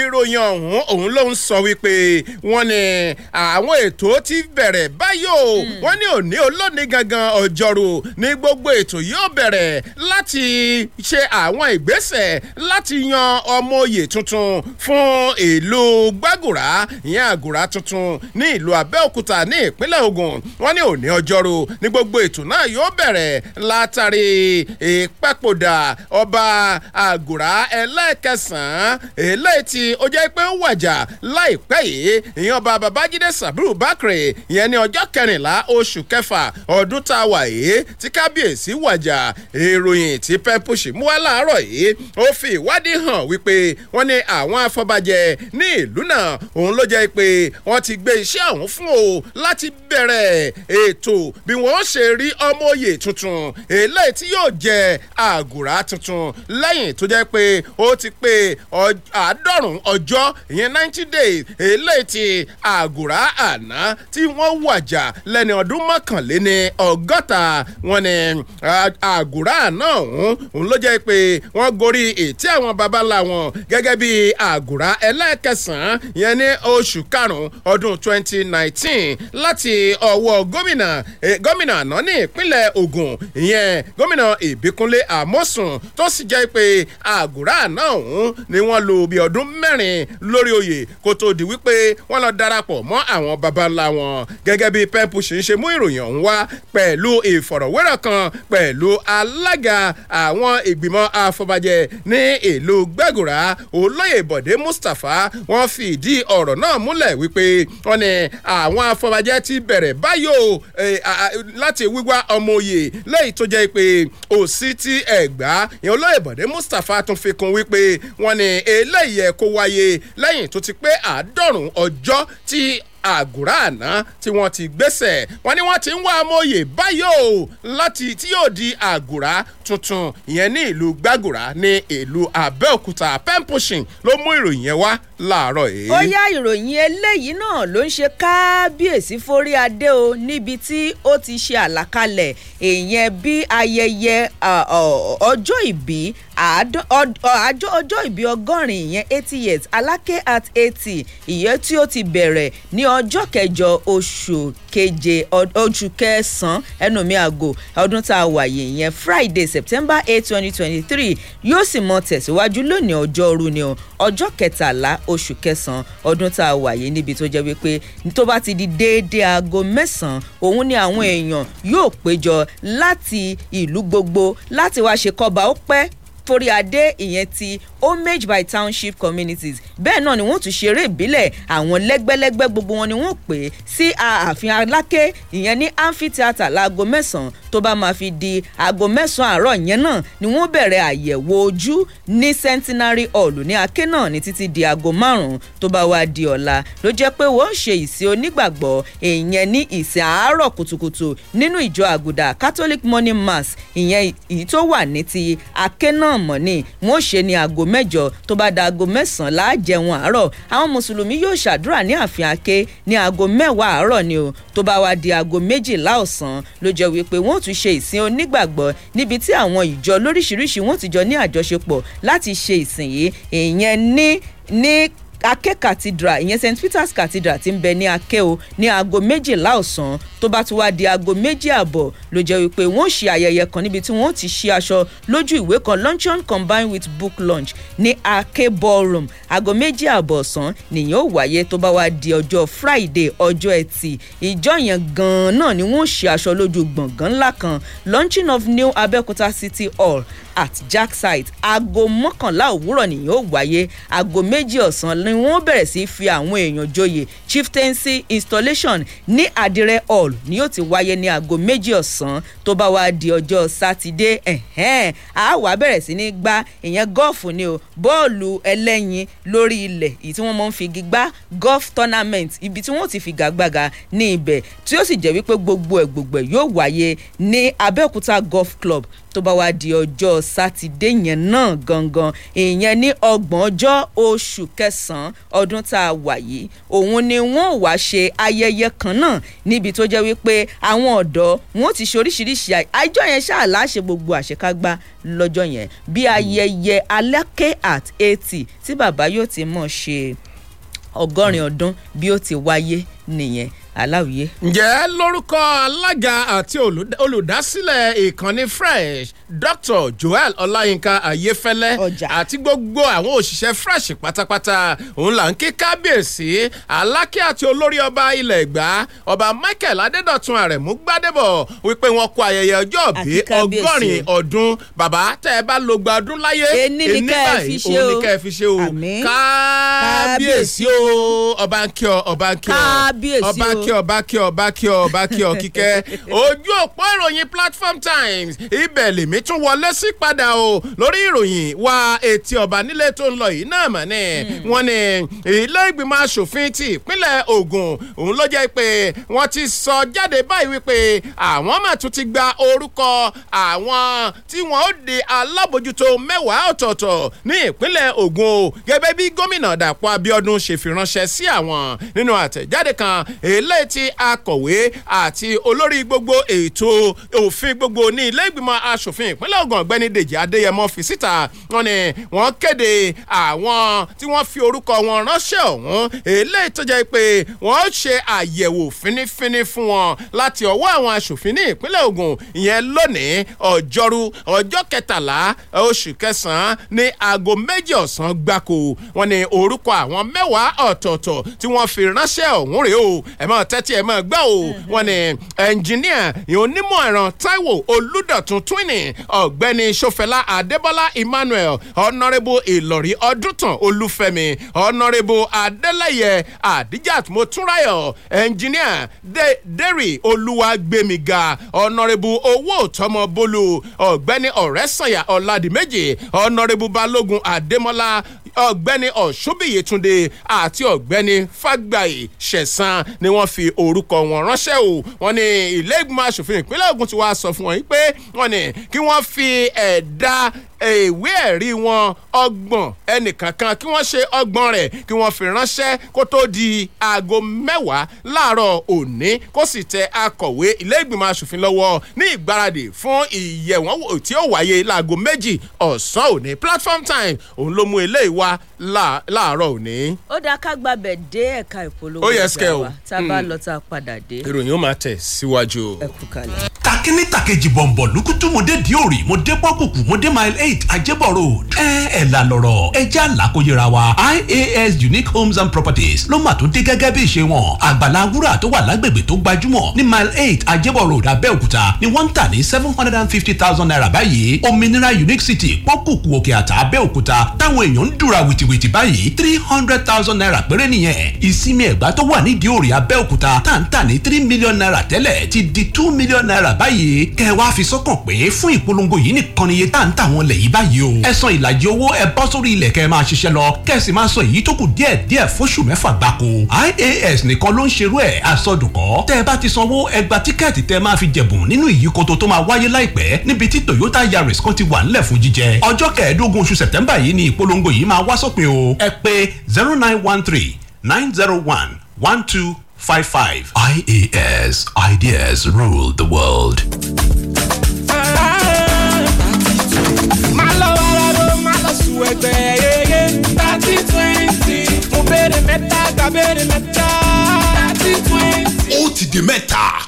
ìròyìn ọ̀hún òun ló ń sọ wípé wọ́n ní àwọn ètò ti bẹ̀rẹ̀ báyò hmm. wọ́n ní òní olóòní gangan ọjọ́rú ní gbogbo ètò yóò bẹ̀rẹ̀ láti ṣe àwọn ìgbésẹ̀ láti yan ọmọ oyè tuntun fún ìlú gbàgùrà ìyẹn àgùrà tuntun ní ìlú abẹ́òkúta ní ìpínlẹ̀ ogun wọ́n ní òní ọjọ́rú ní gbogbo ètò náà yóò bẹ̀rẹ̀ látàrí ìpapòdà ọba àgùrà ẹlẹ́ẹ̀kẹsàn-án eléyìí tí ó jẹ́ pé ó wàjà láìpẹ́ yìí ìyẹn ọba babájídé sabiru bakre ìyẹn ní ọjọ́ kẹrìnlá oṣù kẹfà ọdún tá a wà yìí tí kábíyèsí wàjà ìròyìn tí pẹ́ńpù ṣì mú wá láàárọ̀ yìí ó fi ìwádìí hàn wípé wọ́n ní àwọn afọbajẹ ní ìlú náà òun ló jẹ́ pé wọ́n ti gbé iṣẹ́ ọ̀hún fún o láti bẹ̀rẹ̀ ètò bí wọ́n ṣe rí ọmọ òye tuntun eléyìí tí yóò jẹ àgùrà tuntun lẹ́yìn tó jẹ́ pé ó ti pé àádọ́rùn-ún ìyẹn ninety days eléyìí ti àgùrà àná tí wọ́n wàjà lẹ́ni ọdún mọ́kànléní ọgọ́ta wọn ni àgùrà náà òun ló jẹ́ pé wọ́n gorí ètí àwọn babalá síra wọn gẹ́gẹ́ bí àgùrá ẹlẹ́ẹ̀kẹsàn-án yẹn ní oṣù karùn-ún ọdún 2019 láti ọwọ́ gómìnà eh, gómìnà àná ní ìpínlẹ̀ Ògùn ìyẹn gómìnà Ìbíkúnlé Àmọ̀sùn tó sì jẹ́ pé àgùrá àná ọ̀hún ni wọ́n lò bí ọdún mẹ́rin lórí oyè kó tó di wípé wọ́n lọ darapọ̀ mọ́ àwọn baba ńlá wọn gẹ́gẹ́ bí pẹ́ẹ́pù ṣe ń ṣe mú ìròyìn ọ̀hún wá pẹ̀lú ìfọ̀rọ̀wérọ̀ kan pẹ̀lú alága àwọn ìgbìmọ̀ àfọbàjẹ́ ní ìlú gbẹ́ Kwagura olóyè Bọ̀dé Mustapha wọ́n fi ìdí ọ̀rọ̀ náà múlẹ̀ wípé wọ́n ní àwọn afọbajẹ́ ti bẹ̀rẹ̀ báyò láti wíwá ọmọ òye lẹ́yìn tó jẹ́ pé òsì ti Ẹ̀gbá ìyẹn olóyè Bọ̀dé Mustapha tún fi kún wípé wọ́n ní eléyìí ẹ̀ kó wáyé lẹ́yìn tó ti pé àádọ́rùn-ún ọjọ́ tí àgùrá àná tí wọ́n ti gbéṣẹ̀ wọ́n ní wọ́n ti ń wá amóye báyò láti tí yóò di àgùrá tuntun ìyẹn ní ìlú gbàgùrá ní ìlú Abẹ́òkúta pen ló mú ìròyìn yẹn wá láàárọ̀ yìí. ó yá ìròyìn eléyìí náà ló ń ṣe kábíyèsí forí adé o níbi tí ó ti ṣe àlàkalẹ̀ ìyẹn bí ayẹyẹ ọjọ́ ìbí àjọ ọjọ́ ìbí ọgọ́rin ìyẹn eighty years Aláké at eighty ìyẹn tí ó ti bẹ̀rẹ̀ ní ọjọ́ kẹjọ oṣù keje oṣù kẹsàn-án ẹnu mi àgò ọdún tá a wà yìí yẹn friday september eight twenty twenty three yóò sì mọ tẹ̀síwájú lónìí ọjọ́rú ni o ọjọ́ kẹtàlá oṣù kẹsàn-án ọdún tá a wà yìí níbi tó jẹ́ wípé tó bá ti di déédéé aago mẹ́sàn-án òun ni àwọn èèyàn yóò péjọ láti ìlú gbogbo láti wá ṣe kọ́ba ó pẹ́ forí adé ìyẹn ti homage by township communities bẹ́ẹ̀ náà ni wọ́n tún ṣeré ìbílẹ̀ àwọn lẹ́gbẹ́lẹ́gbẹ́ gbogbo wọn ni wọ́n pè é sí ààfin aláké ìyẹn ní amphitheatre láago mẹ́sàn-án tó bá máa fi di aago mẹ́sàn-án àárọ̀ yẹn náà ni wọ́n bẹ̀rẹ̀ àyẹ̀wò ojú ní centenary hall ní aké náà ní títí di aago márùn-ún tó bá wá di ọ̀la ló jẹ́ pé wọ́n ṣe ìsìn onígbàgbọ́ ìyẹn ní ìsìn àárọ̀ kùtùkùtù nínú ìjọ àgùdà catholic morning mass ìyẹn èyí tó wà ní ti aké náà mọ̀ ni wọ́n ṣe ní aago mẹ́jọ tó bá da aago mẹ́sàn-án láàjẹun àárọ̀ àwọn mùsùlùmí yóò ṣàdúrà ní ààfin àké ní aago mẹ́wàá àárọ̀ ni o tó bá wá di aago méjìlá ọ̀sán ló jẹ́ wípé wọ́n tún ṣe ìsìn onígbàgbọ́ níbi tí àwọn ìjọ lóríṣiríṣi wọ́n ti jọ ní àjọṣepọ̀ láti ṣe ìsìn yìí ìyẹn ní ní Ake Cathedral ìyẹn St Peter's Cathedral ti ń bẹ ní Ake o ní aago méjìlá ọ̀sán tó bá ti wá di aago méjì àbọ̀ ló jẹ́ wípé wọ́n ṣe ayẹyẹ kan níbi tí wọ́n ti ṣe aṣọ lójú ìwé kan luncheon combined with book lunch ní Ake ballroom aago méjì àbọ̀ ọ̀sán nìyẹn ó wáyé tó bá wá di ọjọ́ Friday ọjọ́ ẹtì ìjọ yẹn gan-an náà ni wọ́n ṣe aṣọ lójú gbọ̀ngàn ńlá kan launching of new Abẹ́òkúta City Hall at jack site aago mọ́kànlá òwúrọ̀ nìyẹn ó wáyé aago méjì ọ̀sán ni wọ́n bẹ̀rẹ̀ sí fi àwọn èèyàn joyè chieftaincy installation ní àdìrẹ hall ni yóò ti wáyé ní aago méjì ọ̀sán tó bá wá di ọjọ́ sátidé a wá bẹ̀rẹ̀ sí ní gbá ìyẹn gọ́ọ̀fù ni o bọ́ọ̀lù ẹlẹ́yin lórí ilẹ̀ èyí tí wọ́n máa ń fi gbígbá golf tournament ibi tí wọ́n ti fi gàgbàgà ní ibẹ̀ tí ó sì jẹ́ wípé gbogbo ẹ̀ yóò wáyé ní abẹ́òkúta golf club tó bá wá di ọjọ́ sátidé yẹn náà gangan ìyẹn ní ọgbọ̀njọ́ oṣù kẹsàn-án ọdún tá a wà yìí òun ni wọn ò wá ṣe ayẹyẹ kan náà níbi tó jẹ́ wípé àwọn ọ̀dọ́ wọn ti ṣe oríṣiríṣi àjọ yẹn ṣáà láṣẹ gbogbo àṣekágbá lọ́jọ́ yẹn bí ayẹyẹ alákẹ́ at eighty tí bàbá yóò ti mọ̀ ṣe ọgọ́rin ọdún bí ó ti wáyé nìyẹn aláwìyé. ǹjẹ́ lórúkọ alága àti olùdásílẹ̀ ìkànnì fresh dr joel ọláyínká ayéfẹ́lẹ́ àti gbogbo àwọn òṣìṣẹ́ fresh pátápátá òun là ń kí kábíyèsí alákẹ́ àti olórí ọba ilẹ̀ ìgbà ọba michael adédọ̀tun àrẹ̀mú gbádébọ̀ wípé wọn kó ayẹyẹ ọjọ́ bí ọgọ́rin ọdún bàbá tẹ́ ẹ bá lo gba ọdún láyé ẹni báyìí òun ni kẹ́ ẹ fi ṣe o kábíyèsí o ọba ń kí ọ ọba ń kí ọ ọba ń kí ọ ọba ń kí ọ ọba ń kí ọ ọba ojú òpó ìròyìn platform times ibẹ̀ lèmi tàbí tún wọlé sí padà o lórí ìròyìn wa etí ọba nílé tó ń lọ yìí náà mọ̀ ni hmm. wọ́n ní ilé ìgbìmọ̀ asòfin ti ìpínlẹ̀ Ògùn òun ló jẹ́ pé wọ́n ti sọ jáde báyìí wípé àwọn mà tún ti gba orúkọ àwọn tí wọ́n ó di alábòjútó mẹ́wàá ọ̀tọ̀ọ̀tọ̀ ní ìpínlẹ̀ Ògùn o gẹ́gẹ́ bí gómìnà Dàpọ̀ Abíọ́dún ṣe fi ránṣẹ́ sí àwọn nínú àtẹ̀jáde kan eléyìí ti akọ̀wé àti olórí gbogbo ètò òfin gbogbo ní ilé ìgbìmọ̀ asòfin asòfin ìpínlẹ̀ Ògùn ọ̀gbẹ́ni Dèjì Adéyẹmọ fi síta wọ́n ní wọ́n kéde àwọn tí wọ́n fi orúkọ wọn ránṣẹ́ ọ̀hún eléyìí tó jẹ́ pé wọ́n ṣe àyẹ̀wò fínífíní fún wọn láti ọwọ́ àwọn asòfin ní ìpínlẹ̀ Ògùn ìyẹn lónìí ọjọ́rú ọjọ́ kẹtàlá oṣù kẹsàn-án ní aago méjì ọ̀sán gbáko wọ́n ní orúkọ àwọn mẹ́wàá ọ̀tọ̀ọ̀tọ̀ tí wọ́n fi ránṣẹ́ ọ̀hún rèé o ẹ máa tẹ́tí ẹ máa gbọ́ o wọ́n ní ẹnjìníà onímọ̀ ẹ̀rọ Táíwò Olúdọ̀tun Twinning ọ̀gbẹ́ni sọfẹlá adébọ́lá emmanuel ọ̀nàrẹ́bù ìlọ̀rí ọdúntàn olúfẹ́mi ọ̀nàrẹ́bù adélẹ́yẹ adijat motunrayo ẹnjìníà dèrè olúwàgbẹ̀míga ọ̀nàrẹ́bù owó tọmọ bólú ọ̀gbẹ́ni ọ̀rẹ́sànyà ọ̀làdìmẹ́jì ọ̀nàrẹ́bù balógun adémọ́lá ọ̀gbẹ́ni ọ̀ṣúbìyì túnde àti ọ̀gbẹ́ni fàgbàyè ṣẹ̀sán ni wọ́n fi orúkọ wọn ránṣẹ́ o wọ́n ní ilé ìgbìmọ̀ asòfin ìpínlẹ̀ ogun ti wá sọ fún wọn yìí pé wọ́n ní kí wọ́n fi ẹ̀dá ìwé ẹ̀rí wọn ọgbọ̀n ẹnìkankan kí wọ́n ṣe ọgbọ̀n rẹ̀ kí wọ́n fi ránṣẹ́ kó tó di aago mẹ́wàá láàárọ̀ òní kó sì tẹ akọ̀wé ilé ìgbìmọ̀ asòfin lọ́wọ́ ní ìgbáradì fún ìyẹ̀wọ̀n tí ó wáyé láago méjì ọ̀sán òní platform time òun ló mú eléyìí wá láàárọ̀ òní. ó dá ká gbàbẹ̀ dé ẹ̀ka ìpolówó oh, ọjà wa tá a bá hmm. lọ tá a padà dé. ìròyìn ó máa tẹ̀ síwájú. ẹ kalẹ̀. takínítàkejì bọ̀m̀bọ̀ lukutu mo dé diori mo dé pọ́kùkù mo dé mile eight ajébọ̀ road ẹ ẹ̀ là lọ̀rọ̀ ẹ já làkóyèrà wa ias unique homes and properties ló mà tó dé gẹ́gẹ́ bí ìṣe wọn àgbàlá wúrà tó wà lágbègbè tó gbajúmọ̀ ní mile eight ajébọ̀ road abẹ́òkúta ni wọ́n ń tà ní seven hundred and fifty thousand naira báyìí òmìnira unique city pọ́kùkù òkè àtà abẹ́òkúta táwọn èèyàn ń dùra wìtìwìtì báyìí three hundred thousand naira péré nìyẹn ìsinmi ẹ̀gbá tó wà nídìí òrì abẹ́òkúta tá ń tà ní three million naira tẹ́lẹ̀ ti di two million naira báyìí kẹ́ wá fi sọ́kàn pé fún ìpolongo yìí nìkan iye tá ń tà wọn lẹ̀ yìí báyìí o ẹ san ìlàjì owó ẹ bọ́ sórí ilẹ̀ kẹ́ ẹ máa ṣiṣẹ́ lọ kẹ́ ẹ sì máa san èyí tó kù díẹ̀ díẹ̀ fóṣù mẹ́fà gbáko ias nìkan ló ń ṣerú ẹ̀ àsọdùkọ́ tẹ́ ẹ bá ti sanwó ẹ gba tíkẹ́ẹ̀tì tẹ́ ẹ máa fi jẹ̀bùn nínú ìyíkoto tó máa wáyé láìpẹ́ níbi tí toyota yaris kan ti wà ńlẹ̀ fún jíjẹ ọjọ́ kẹẹ̀ẹ́dógún oṣù sẹ̀tẹ́mbà yìí ni ìpolongo zero nine one three nine zero one one two five five. ias ideas rule the world. ẹgbẹ́ yeye. thirty twenty. mo béèrè mẹ́ta gba béèrè mẹ́ta. thirty twenty. ó ti di mẹ́ta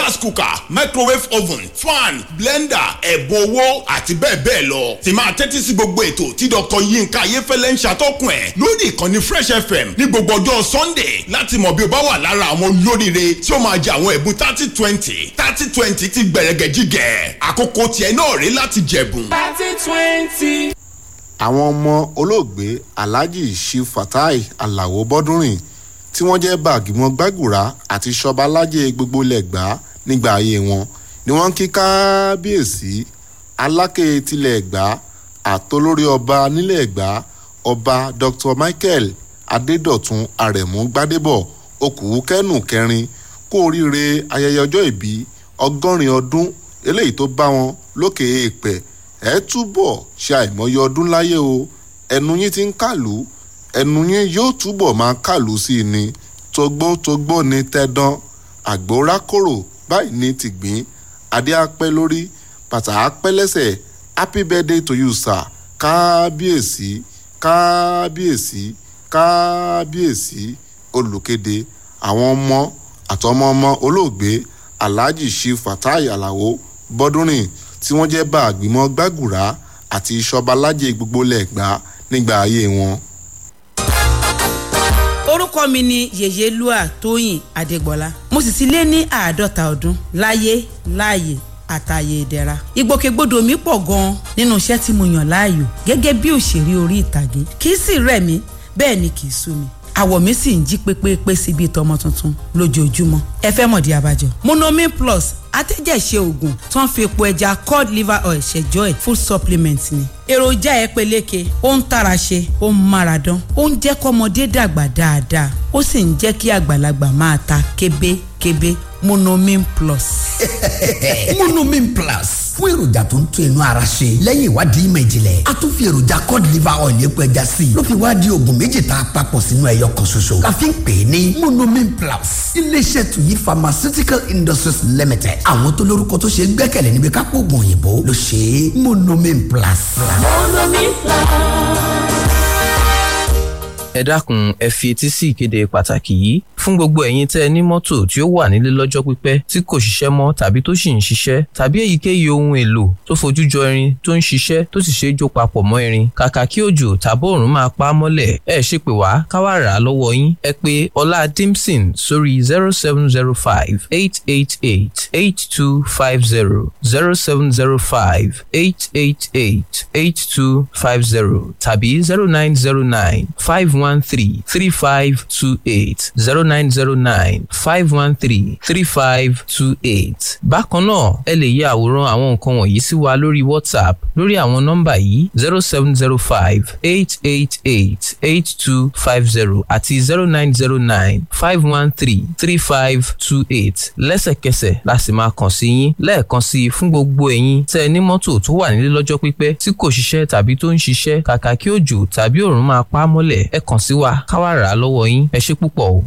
gas cooker microwave oven fan blender ẹ̀bùn owó àti bẹ́ẹ̀ bẹ́ẹ̀ lọ. tí máa tẹ́tí sí gbogbo ètò tí dr yinka ayéfẹ́lẹ́ ń ṣàtọ́kùn ẹ̀ lórí ìkànnì fresh fm ní gbogbo ọjọ́ sunday láti mọ̀ bí o bá wà lára àwọn olóríire tí ó máa jẹ àwọn ẹ̀bùn thirty twenty thirty twenty ti gbẹ̀rẹ̀gẹ̀ jíjẹ àkókò tiẹ̀ náà rí láti jẹ̀bùn. thirty twenty àwọn ọmọ olóògbé alhaji shiu fatai alawo bọ́dúnrìn tí wọ́n jẹ́ bàgìmọ̀ gbàgùrà àti ṣọba alájẹ gbogbo lẹ́gbàá nígbà ayé wọn ni wọ́n ń kí kábíyèsí aláké tilẹ̀ ẹ̀gbá àtolórí ọba nílẹ̀ ẹ̀gbá ọba dr michael adédọ̀tun arẹ̀mú gbádébọ̀ okù kẹ́nù kẹrin kú oríire ayẹyẹ ọjọ́ ìbí ọgọ́rin ọdún eléyìí tó bá wọn lókè èèpẹ̀ ẹ túbọ̀ ṣe àìmọye ọdún láyé o ẹnu yín ti ń kàlù ẹnu yín yóò túbọ̀ máa kàlù sí i ni togbótogbó ni tẹ́dán àgbórákòrò báyìí ní tìgbín adé apẹ́ lórí bàtà apẹ́ lẹ́sẹ̀ happy birthday to you sir kábíyèsí kábíyèsí kábíyèsí olùkéde àwọn ọmọ àtọmọọmọ olóògbé alhaji shiv fatai alao bọ́dúnrìn tí wọ́n jẹ́ bá àgbìmọ̀ gbàgùrà àti ìṣọba lájẹ gbogbo lẹ́ẹ̀gbá nígbà ayé wọn orúkọ mi ni yèyé lua tóyìn adégbọlá mo sì ti lé ní àádọ́ta ọdún láyé láàyè àtàyè ìdẹ̀ra ìgbòkègbodò mi pọ̀ gan-an nínú iṣẹ́ tí mo yàn láàyò gẹ́gẹ́ bí òṣèré orí ìtàgé kì í sì rẹ̀ mí bẹ́ẹ̀ ni kì í sú mi àwọ̀ mi sì ń jí pépépé síbi ìtọ́mọ tuntun lójoojúmọ́ ẹ fẹ́ mọ̀dí abájọ. monomin plus atẹ́jẹ̀ṣe oògùn tí wọ́n fi epo ẹja cod liver oil ṣẹ̀jọ́ ẹ̀ full supplement ni. èròjà ẹ peléke ó ń tara ṣe ó ń mára dán ó ń jẹ́ kọ́mọdé dàgbà dáadáa ó sì ń jẹ́ kí àgbàlagbà máa ta kébékébé monomin plus. monomin plus fún èròjà tó ń tún inú ara ṣe lẹ́yìn ìwádìí ìmọ̀ ìjìnlẹ̀ a tún fi èròjà cod liver oil epo ẹja sí i ló fi wá di oògùn méjì tá a papọ̀ sínú ẹyọ kan ṣoṣo la fi ń pè é ní monomin plus iléeṣẹ́ tuyi pharmaceutical industries limited àwọn tó lórúkọ tó ṣe gbẹ́kẹ̀lé níbi kápò oògùn òyìnbó ló ṣe é monomin plus. monomin plus ẹ dákun ẹ fi etí sí ìkéde pàtàkì yìí fún gbogbo ẹ̀yin tẹ́ ẹ ní mọ́tò tí ó wà nílé lọ́jọ́ pípẹ́ tí kò ṣiṣẹ́ mọ́ tàbí tó sì ń ṣiṣẹ́ tàbí èyíkéyìí ohun èlò tó fojú jọ irin tó ń ṣiṣẹ́ tó sì ṣe é jó papọ̀ mọ́ irin kàkà kí òjò tàbóòrùn máa pa á mọ́lẹ̀ ẹ ṣe pé wá ká rà á lọ́wọ́ yín ẹ pè ọlá dimson sórí zero seven zero five eight eight eight eight two five zero zero seven zero five eight eight eight eight two five zero tàbí zero nine zero nine five one. 513 3528 0909 513 3528. bákan náà ẹ lè ya àwòrán àwọn nǹkan wọ̀nyí sí wa lórí WhatsApp lórí àwọn nọ́mbà yìí 0705 888 8250 àti 0909 513 3528 lẹ́sẹ̀kẹsẹ̀ la sì máa kàn sí yín lẹ́ẹ̀kan sí i fún gbogbo ẹ̀yin tẹ́ ẹ ní mọ́tò tó wà nílé lọ́jọ́ pípẹ́ tí kò ṣiṣẹ́ tàbí tó ń ṣiṣẹ́ kàkà kí òjò tàbí òòrùn máa pa á mọ́lẹ̀ ẹ kàn sí wa ká wá rà á lọ́wọ́ yín ẹ ṣé púpọ̀ o.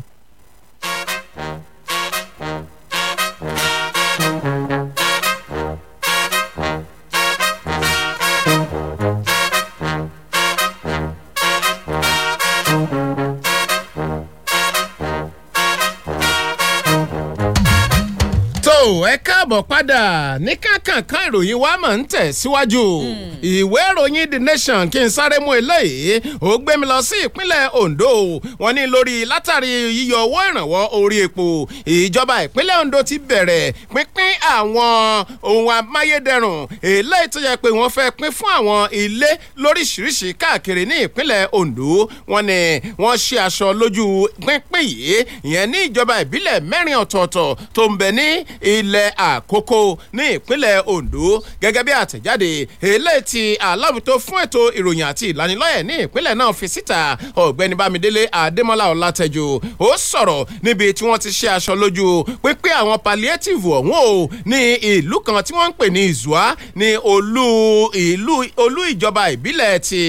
ẹ káàbọ̀ padà ní kankankan ìròyìn wa máa ń tẹ̀ síwájú hmm. ìwé ìròyìn the nation kí n sáré mú eléyìí ó gbé mi lọ sí ìpínlẹ̀ Ondo wọ́n ní lórí látàrí yíyọ owó ìrànwọ́ orí epo ìjọba ìpínlẹ̀ Ondo ti bẹ̀rẹ̀ pínpín àwọn ohun amáyédẹrùn eléyìí tó yẹ pé wọ́n fẹ́ pín fún àwọn ilé lóríṣiríṣi káàkiri ní ìpínlẹ̀ Ondo wọ́n ní wọ́n ṣe aṣọ lójú pínpín yìí ìyẹn ní ìjọba ìbílẹ̀ ilẹ̀ àkókò ní ìpínlẹ̀ ondo gẹ́gẹ́ bí àtẹ̀jáde eléyìí ti alábùtó fún ètò ìròyìn àti ìlanilọ́yẹ̀ ní ìpínlẹ̀ náà fi síta ọ̀gbẹ́ni bámidélé adémọ́lá ọ̀làtẹ̀jọ́ ó sọ̀rọ̀ níbi tí wọ́n ti ṣe aṣọ lójú pínpín àwọn palliative ọ̀hún o ní ìlú kan tí wọ́n ń pè ní ìzùá ní olú ìlú olú ìjọba ìbílẹ̀ ti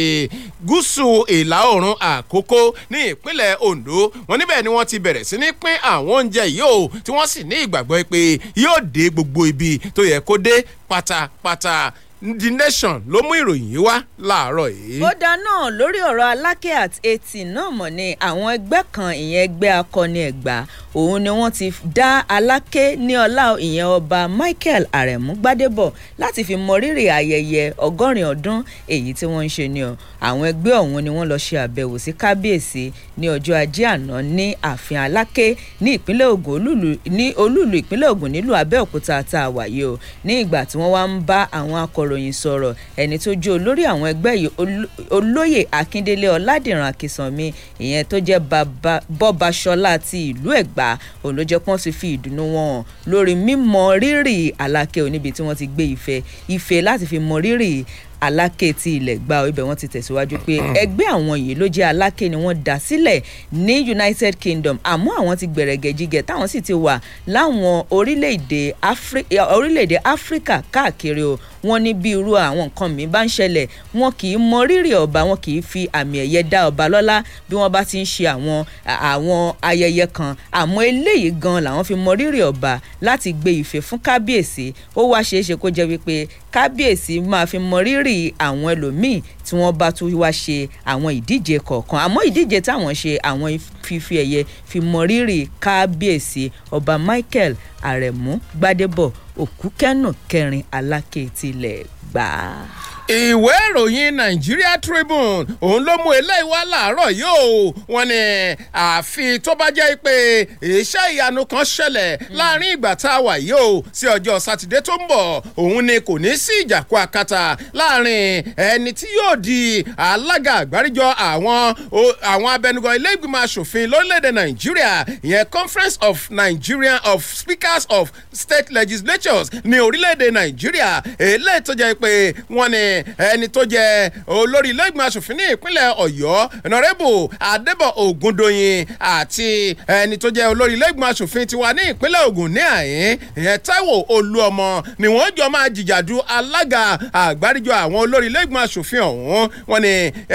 gúúsù ìlà oòrùn àkókò ní ìpínlẹ̀ ondo wọn níbẹ̀ ni wọ́n ti bẹ̀rẹ̀ sí ní pín àwọn oúnjẹ yìí o tí wọ́n sì ní ìgbàgbọ́ pé yóò dé gbogbo ibi tó yẹ kó dé pátápátá the nation ló mú ìròyìn yìí wá láàárọ̀ yìí. bódà náà lórí ọ̀rọ̀ aláké at eighty náà mọ̀ ni àwọn ẹgbẹ́ kan ìyẹn ẹgbẹ́ akọni ẹ̀gbá òun ni wọ́n ti dá aláké ní ọlá ìyẹn ọba michael aremu gbádébọ̀ láti fi mọrírì ayẹyẹ ọgọ́rin ọdún èyí tí wọ́n ń ṣe ni ọ àwọn ẹgbẹ́ ọ̀hún ni wọ́n lọ ṣe àbẹ̀wò sí kábíyèsí ní ọjọ́ ajé àná ní ààfin aláké ní ìpínlẹ̀ ògùn ní olúlu ìpínlẹ̀ ògùn nílùú abẹ́òkúta tá o ní ìgbà tí wọ́n wá ń bá àwọn akọ̀rò akọ̀ròyìn sọ̀rọ̀ ẹni tó jẹ́ olórí àwọn ẹgbẹ́ yìí olóyè akíndélé ọládìran akínsanmi ìyẹn tó jẹ́ bọ́baṣọlá ti ìlú ẹ̀gbá òun ló jẹ́ pọ́n ti fi ìdùnnú wọn hàn lórí mímọ rírì alákẹ́ oníbi tí wọ́n ti gbé ife ife láti fi mọ rírì aláké ti ilẹ̀ gba ibẹ̀ wọ́n ti tẹ̀síwájú pé ẹgbẹ́ àwọn yìí ló jẹ́ aláké ni wọ́n dá sílẹ̀ ní united kingdom àmọ́ àwọn ti gbẹ̀rẹ̀gẹ̀jigẹ̀ táwọn sì ti wà láwọn orílẹ̀-èdè áfíríkà káàkiri o wọ́n ní bí irú àwọn nǹkan mi bá ń ṣẹlẹ̀ wọn kì í mọ rírì ọba wọn kì í fi àmì ẹ̀yẹ dá ọba lọ́lá bí wọ́n bá ti ń ṣe àwọn àwọn ayẹyẹ kan àmọ́ eléyìí gan làwọn fi mọ rírì ọba láti gbé ìfẹ́ fún kábíyèsí ó wá ṣeéṣe kó jẹ́ wípé kábíyèsí máa fi mọ rírì àwọn ẹlòmíì tí wọ́n bá tún wá ṣe àwọn ìdíje kọ̀ọ̀kan àmọ́ ìdíje táwọn ṣe àwọn fífi ẹ̀yẹ fi mọ rírì kábíyèsí ọba Michael Aremu Gbádébọ̀ òkú kẹ́nù kẹrin aláké tilẹ̀ gbàá ìwé ìròyìn Nigeria Tribune òun ló mú eléyìí wá láàárọ̀ yóò wọn ni àfi tó bá jẹ́ pé iṣẹ́ ìyanu kan ṣẹlẹ̀ hmm. láàrin ìgbà tá a wà yóò sí ọjọ́ sátidé tó ń bọ̀ òun ni kò ní sí ìjàkú akata láàrin ẹni tí yóò di alága àgbáríjọ àwọn àwọn abẹnugan ilé ìgbìmọ̀ asòfin lórílẹ̀‐èdè Nigeria ìyẹn Conference of Nigerian of Speakers of State Legislatures ní orílẹ̀‐èdè Nigeria eléyìí tó jẹ́ pé wọ́n ni ẹni tó jẹ́ olórí ilé ìgbìmọ̀ asòfin ní ìpínlẹ̀ ọ̀yọ́ nọ̀rẹ́bù adébọ̀ ògúndòyìn àti ẹni tó jẹ́ olórí ilé ìgbìmọ̀ asòfin tiwa ní ìpínlẹ̀ ògùn ní àyín ìyẹn táíwò olúọmọ ni wọ́n jọ máa jìjàdù alága àgbáríjọ àwọn olórí ilé ìgbìmọ̀ asòfin ọ̀hún wọn ni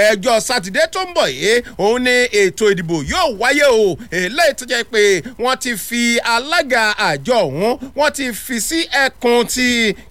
ẹjọ́ sátidé tó ń bọ̀ yìí òun ni ètò ìdìbò yóò wáyé o eléyìí tó jẹ́ pé wọ́n ti fi alága àjọ ọ̀hún wọ́n ti fi sí ẹkùn ti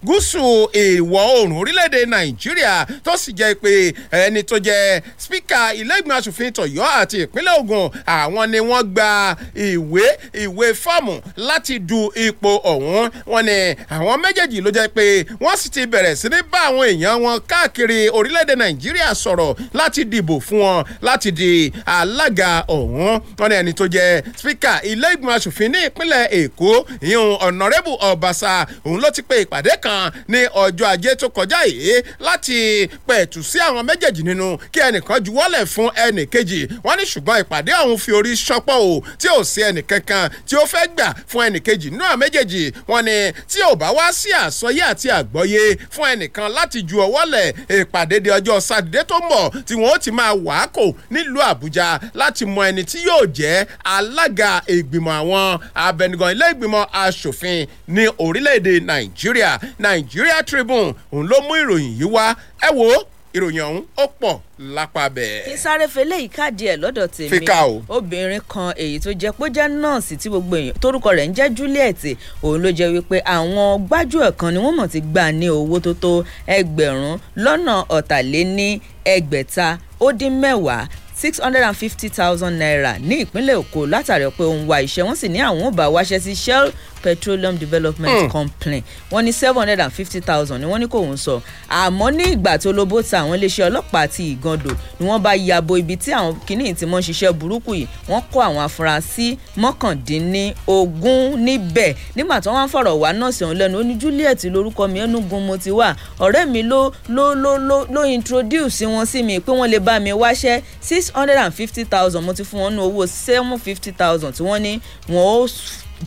gúúsù ìwọ̀ oòrùn orílẹ̀-èdè nàìjíríà nàìjíríà tó sì jẹ́ pé ẹni tó jẹ́ spíkà ilé ìgbìmọ̀ asòfin tọ̀yọ́ àti ìpínlẹ̀ ògùn àwọn ni wọ́n gba ìwé ìwé fọ́ọ̀mù láti du ipò ọ̀hún wọn ni àwọn méjèèjì ló jẹ́ pé wọ́n sì ti bẹ̀rẹ̀ sí ní bá àwọn èèyàn wọn káàkiri orílẹ̀-èdè nàìjíríà sọ̀rọ̀ láti dìbò fún wọn láti di alága ọ̀hún wọn ni ẹni tó jẹ́ spíkà ilé ìgbìmọ̀ asòfin ní ìpínlẹ̀ èkó ìyún ọ̀nàrẹ́bù ọ̀bàṣà òun ló ti pe ìpàdé kan ní ọjọ́ ajé tó kọjá yìí láti pẹ̀tù sí àwọn méjèèjì nínú kí ẹnìkan juwọ́lẹ̀ fún ẹnì kejì wọ́n ní ṣùgbọ́n ìpàdé ọ̀hún fi orí ṣánpọ̀ o tí ò sí ẹnì kankan tí ó fẹ́ gbà fún ẹnì kejì nínú àwọn méjèèjì wọ́n ní tí ò bá wá sí àsọyé àti àgbọ́yé fún ẹnìkan láti ju ọwọ́lẹ̀ ìpàdé di ọjọ́ sátidé tó ń bọ̀ tí wọ́n ó ti máa wàákò nílùú àbújá láti mọ ẹni tí yóò jẹ́ alága ìgbìmọ̀ àwọn abẹnugan ilé ìgbìmọ̀ aṣòfin ní orílẹ̀-èdè nàìjíríà nàìjíríà tribune òun ló mú ìròyìn yìí wá wa ẹ wò ó ìròyìn ọ̀hún ó pọ̀ lápá bẹ́ẹ̀. kí sáré fẹlẹ́ ìkádìí ẹ̀ lọ́dọ̀ tèmi fíkà o. obìnrin kan èyí tó jẹ́ pé ó jẹ́ nọ́ọ̀sì tí gbogbo èèyàn torúkọ rẹ̀ ń jẹ́ juliet òun ló jẹ́ wípé àwọn gbájúẹ̀ kan ni wọ́n mọ̀ ti gbà ní owó tó tó ẹgbẹ̀rún lọ́nà ọ̀tàléní ẹgbẹ̀ta ó dín mẹ́wàá six hundred and fifty thousand naira ní ìpínlẹ̀ èkó látàrí pé òun wá iṣẹ́ wọ́n sì ní àwọn ò bá wáṣẹ́ sí shell petroleum development mm. complaint wọ́n ní seven hundred and fifty thousand ni wọ́n ní kò ń sọ àmọ́ ní ìgbà tí olóbó ta àwọn iléeṣẹ́ ọlọ́pàá àti ìgàndò ni wọ́n bá yabo ibi tí àwọn kìnnìún ti mọ́ ṣiṣẹ́ burúkú yìí wọ́n kó àwọn afurasí mọ́kàndínlógún níbẹ̀ nígbà tí wọ́n fọ̀rọ̀ wá nọ́ọ̀sì ọ̀hún lẹ́nu ó ní Juliet lórúkọ mi ẹnugun mo ti wà ọ̀rẹ́ mi ló ló ló ló ló introduce wọn sí mi pé wọ́n lè bá mi wáṣẹ́ six hundred and fifty thousand mo ti fún wọn ní owó seven fifty thousand tí wọ́n ní wọ́n ó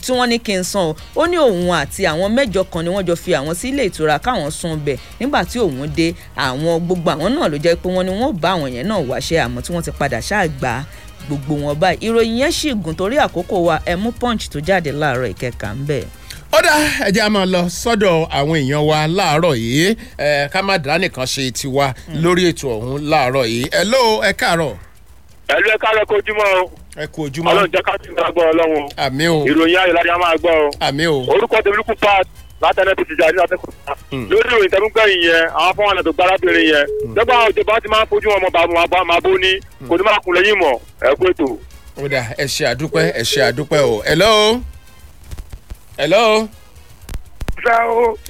tí wọ́n ní kí n san o ó ní òun àti àwọn mẹ́jọ kan ni wọ́n jọ fi àwọn sí ilé ìtura káwọn sun bẹ̀ nígbà tí òun dé àwọn gbogbo àwọn náà ló jẹ́ pé wọ́n ní wọ́n bá àwọn yẹn náà wáṣẹ́ àmọ́ tí wọ́n ti padà ṣáà gbà gbogbo wọn báyìí ìròyìn yẹn sì gùn torí àkókò wa ẹ mú punch tó jáde láàárọ̀ ìkẹkà ń bẹ̀ ó dá ẹjẹ́ a máa lọ sọ́dọ̀ àwọn èèyàn wa láàárọ̀ yìí ẹ ká má dá nìkan ṣe tiwa hmm. lórí ètò ọ̀hún láàárọ̀ yìí ẹ ló ẹ káàárọ̀. ẹ ló ẹ káàárọ̀ kojúmọ́ o ẹ kú ojúmọ́. ọlọ́run jẹ́ ká tún máa gbọ́ ọlọ́run. àmì o. ìròyìn ayọ̀ láti máa gbọ́ o. àmì o. orúkọ tèmi lukú pat látẹnẹ tó ti jà ní àtẹkùnrin. lórí ìròyìn tẹ̀mú gbẹ̀yìn yẹn àwọn fún ọ̀nà tó gbára bèrè yẹn. dọ́gba hmm. ìjọba ti máa ń fojú wọn mọ màbó ní hmm. kò ní máa kun lẹ́yìn mọ̀ ẹ kú ètò. ó dà ẹ ṣe àdúpẹ́ ẹ ṣe àdúpẹ́ o. hello. hello.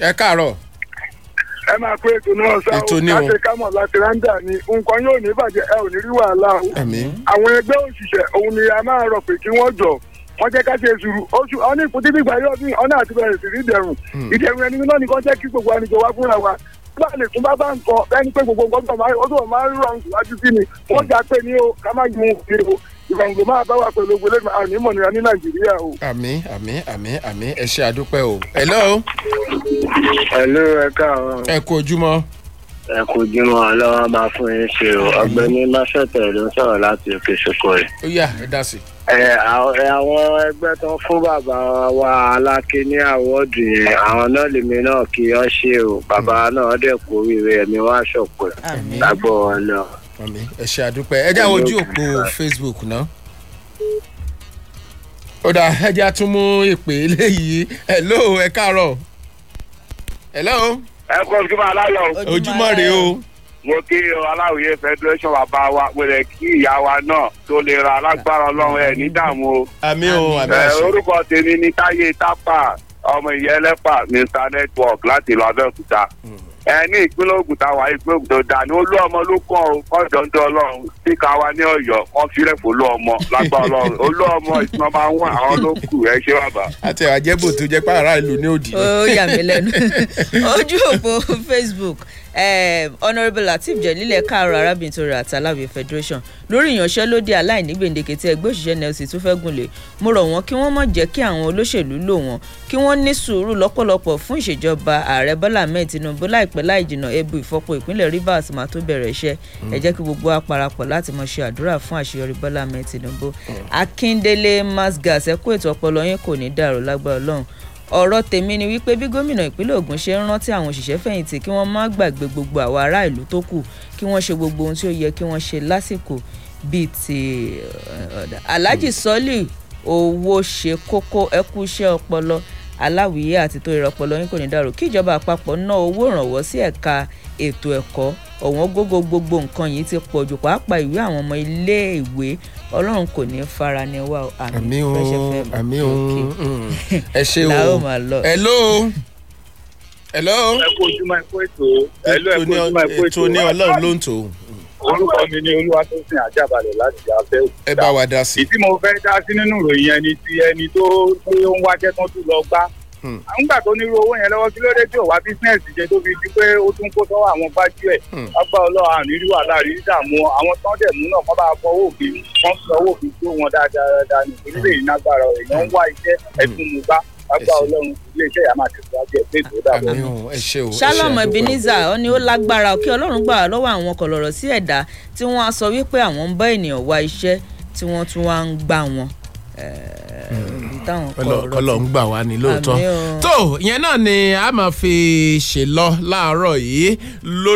ẹ káàárọ̀ ẹ máa kó ètò náà sá o láti kámọ̀ láti rándà ni nǹkan yóò ní bàjẹ́ ẹ ò ní rí wàhálà o àwọn ẹgbẹ́ òṣìṣẹ́ òun ni a máa rọ̀ pé kí wọ́n jọ wọ́n jẹ́ ká ṣe sùúrù oṣù ọ̀ní ìkùtí nígbà yóò ní ọ̀nà àti bẹ̀rẹ̀ sí hmm. ìdẹ̀rùn ìdẹ̀rùn ẹni náà nìkan jẹ́ kí gbogbo ànìjọ wá fúnra wa bá lè tún bá bá nǹkan bẹ́ẹ̀ ni pé gbogbo nǹkan tó máa ń rọrùn síwájú sí ni wọ́n jà pé ní o ká má yún un kiri o ìgbàgbọ́ máa bá wa pẹ̀lú ogun lẹ́nu àmì mọ̀nira ní nàìjíríà o. àmì àmì àmì àmì ẹ ṣe àdúpẹ́ o. hello. hello ẹ káàárọ̀. ẹ kú ojúmọ́. ẹ kú ojúmọ́ ọlọ́wọ́ máa fún yín ṣe o ọ̀gbẹ́ni máfẹ́tẹ̀ ló ń sọ̀rọ̀ láti òkè ṣoko rẹ̀. ó yà ẹ dá sí i àwọn ẹgbẹ́ tó ń fún bàbá wa aláké ní àwọ́dù yẹn àwọn náà lèmi náà kí ọ ṣe o bàbá náà dẹ̀ àmì ẹ ṣe àdúpẹ́ ẹ jẹ́ àwọn ojú òpó facebook náà ó dà ẹ jẹ́ àtún mú ìpè eléyìí hello ẹ káàárọ̀ hello. ẹ kó ojúmọ́ aláyọ̀ o. ojúmọ́ o. mo kí aláwòye federation bàbá wa pèrè kí ìyá wa náà tó lè ra alágbára ọlọ́run ẹ̀ ní dààmú o. àmì o àmì àṣẹ. orúkọ tèmi ni táyé tápà ọmọ ìyẹlẹ́pà mr network láti ìlú abẹ́òkúta ẹ ní ìpínlẹ̀ Ògùn tá a wà ìpínlẹ̀ Ògùn tó da ni olú ọmọ ló kọ́ ọ kọ́jọ ń wa ní Ọ̀yọ́ wọn fi rẹ̀ fòlú ọmọ lágbá Ọlọ́run olú ọmọ ìtumọ̀ máa ń wà àwọn ló kù ẹ ṣé bàbá. àti àjẹbò tó jẹ pàrọ̀ ìlú ní òdì. ó yà mí lẹ́nu ojú òpó Facebook honourable lateef jẹlilẹ káàárọ arábìnrin tó ra àtàláwì federation lórí ìyanṣẹ́lódì aláìní gbèǹdéke tí ẹgbẹ́ òṣìṣẹ́ nlc tún fẹ́ gùnlé mo rọ̀ wọ́n kí wọ́n mọ̀ jẹ́ kí àwọn olóṣèlú lò wọ́n kí wọ́n ní sùúrù lọ́pọ̀lọpọ̀ fún ìṣèjọba ààrẹ bọ́lá ahmed tinubu láìpẹ́ láìjìnà ebu ìfọ́pọ̀ ìpínlẹ̀ rivers máa tó bẹ̀rẹ̀ iṣẹ́ ẹ jẹ́ kí gbogbo wa parapọ̀ láti mọ̀ ṣe àdúrà fún àṣeyọrí bọ́lá ahmed tinubu akíndélé masgas ẹ kó ètò ọpọlọ yín kò ní dàrú lágbára ọlọ́run ọ̀rọ̀ tèmi ni wípé bí gómìnà ìpínlẹ̀ Ògùn ṣe ń rántí àwọn òṣìṣẹ́ fẹ̀yìntì kí wọ́n má gbàgbé gbogbo àwọn ará ìlú tó kù kí wọ́n ṣe gbogbo ohun tí ó yẹ kí wọ́n ṣe lásìkò bíi ti eh, Alhaji Sọ́lì owó ṣe kókó ẹkú iṣẹ́ ọpọlọ aláwìyé àti tó ìrọpọlọ yín kò ní dàrú kí ìjọba àpapọ̀ ná owó ìrànwọ́ sí ẹ̀ka ètò ẹ̀kọ́ ọ̀wọ́n gógó gbogbo nǹkan yìí ti pọ̀ jù pàápàá ìwé àwọn ọmọ ilé ìwé ọlọ́run kò ní fara ni wá àmì fẹsẹ̀ fẹ́ mi ẹ ṣe o làwọn máa lọ. hello hello. ẹ kó ojúmọ́ ẹ kó ètò. ètò ní ọlọ́run ló ń tò orúkọ mi ni olúwatósìn àjàbalẹ̀ láti afẹ́ òkúta. ẹ bá wa dá sí. ìdí mo fẹ́ dá sí nínú ìròyìn ẹni ti ẹni tó tó ń wájẹ́ tán tún lọ gbá. nígbà hmm. tó nírú owó yẹn lọ́wọ́ kí ló dé tí ò wá bísíǹsì jẹ tó fi di pé ó tún kó sọ́wọ́ àwọn gbájú ẹ̀. ọgbà hmm. ọlọ́run àníríw àlárí dààmú àwọn tán dẹ̀ mú náà kọ́ bá fọ owó òfin kọ́ fọ owó òfin tó wọn dáadáa ní orílẹ̀-èdè nágbára èèyàn ń wá iṣẹ́ ẹ̀tún mú bá lágbà Ọlọ́run iléeṣẹ́ yà ó lágbára kí Ọlọ́run gbà wá lọ́wọ́ àwọn kọ̀lọ̀rọ̀ sí ẹ̀dá tí wọ́n á sọ wípé àwọn ń bá ènìyàn wá iṣẹ́ tí wọ́n tún wá ń gbà wọn kọlọ hmm. ń gbà wá ní lóòótọ́ tó ìyẹn náà ni a máa fi ṣe lọ láàárọ̀ yìí lórí.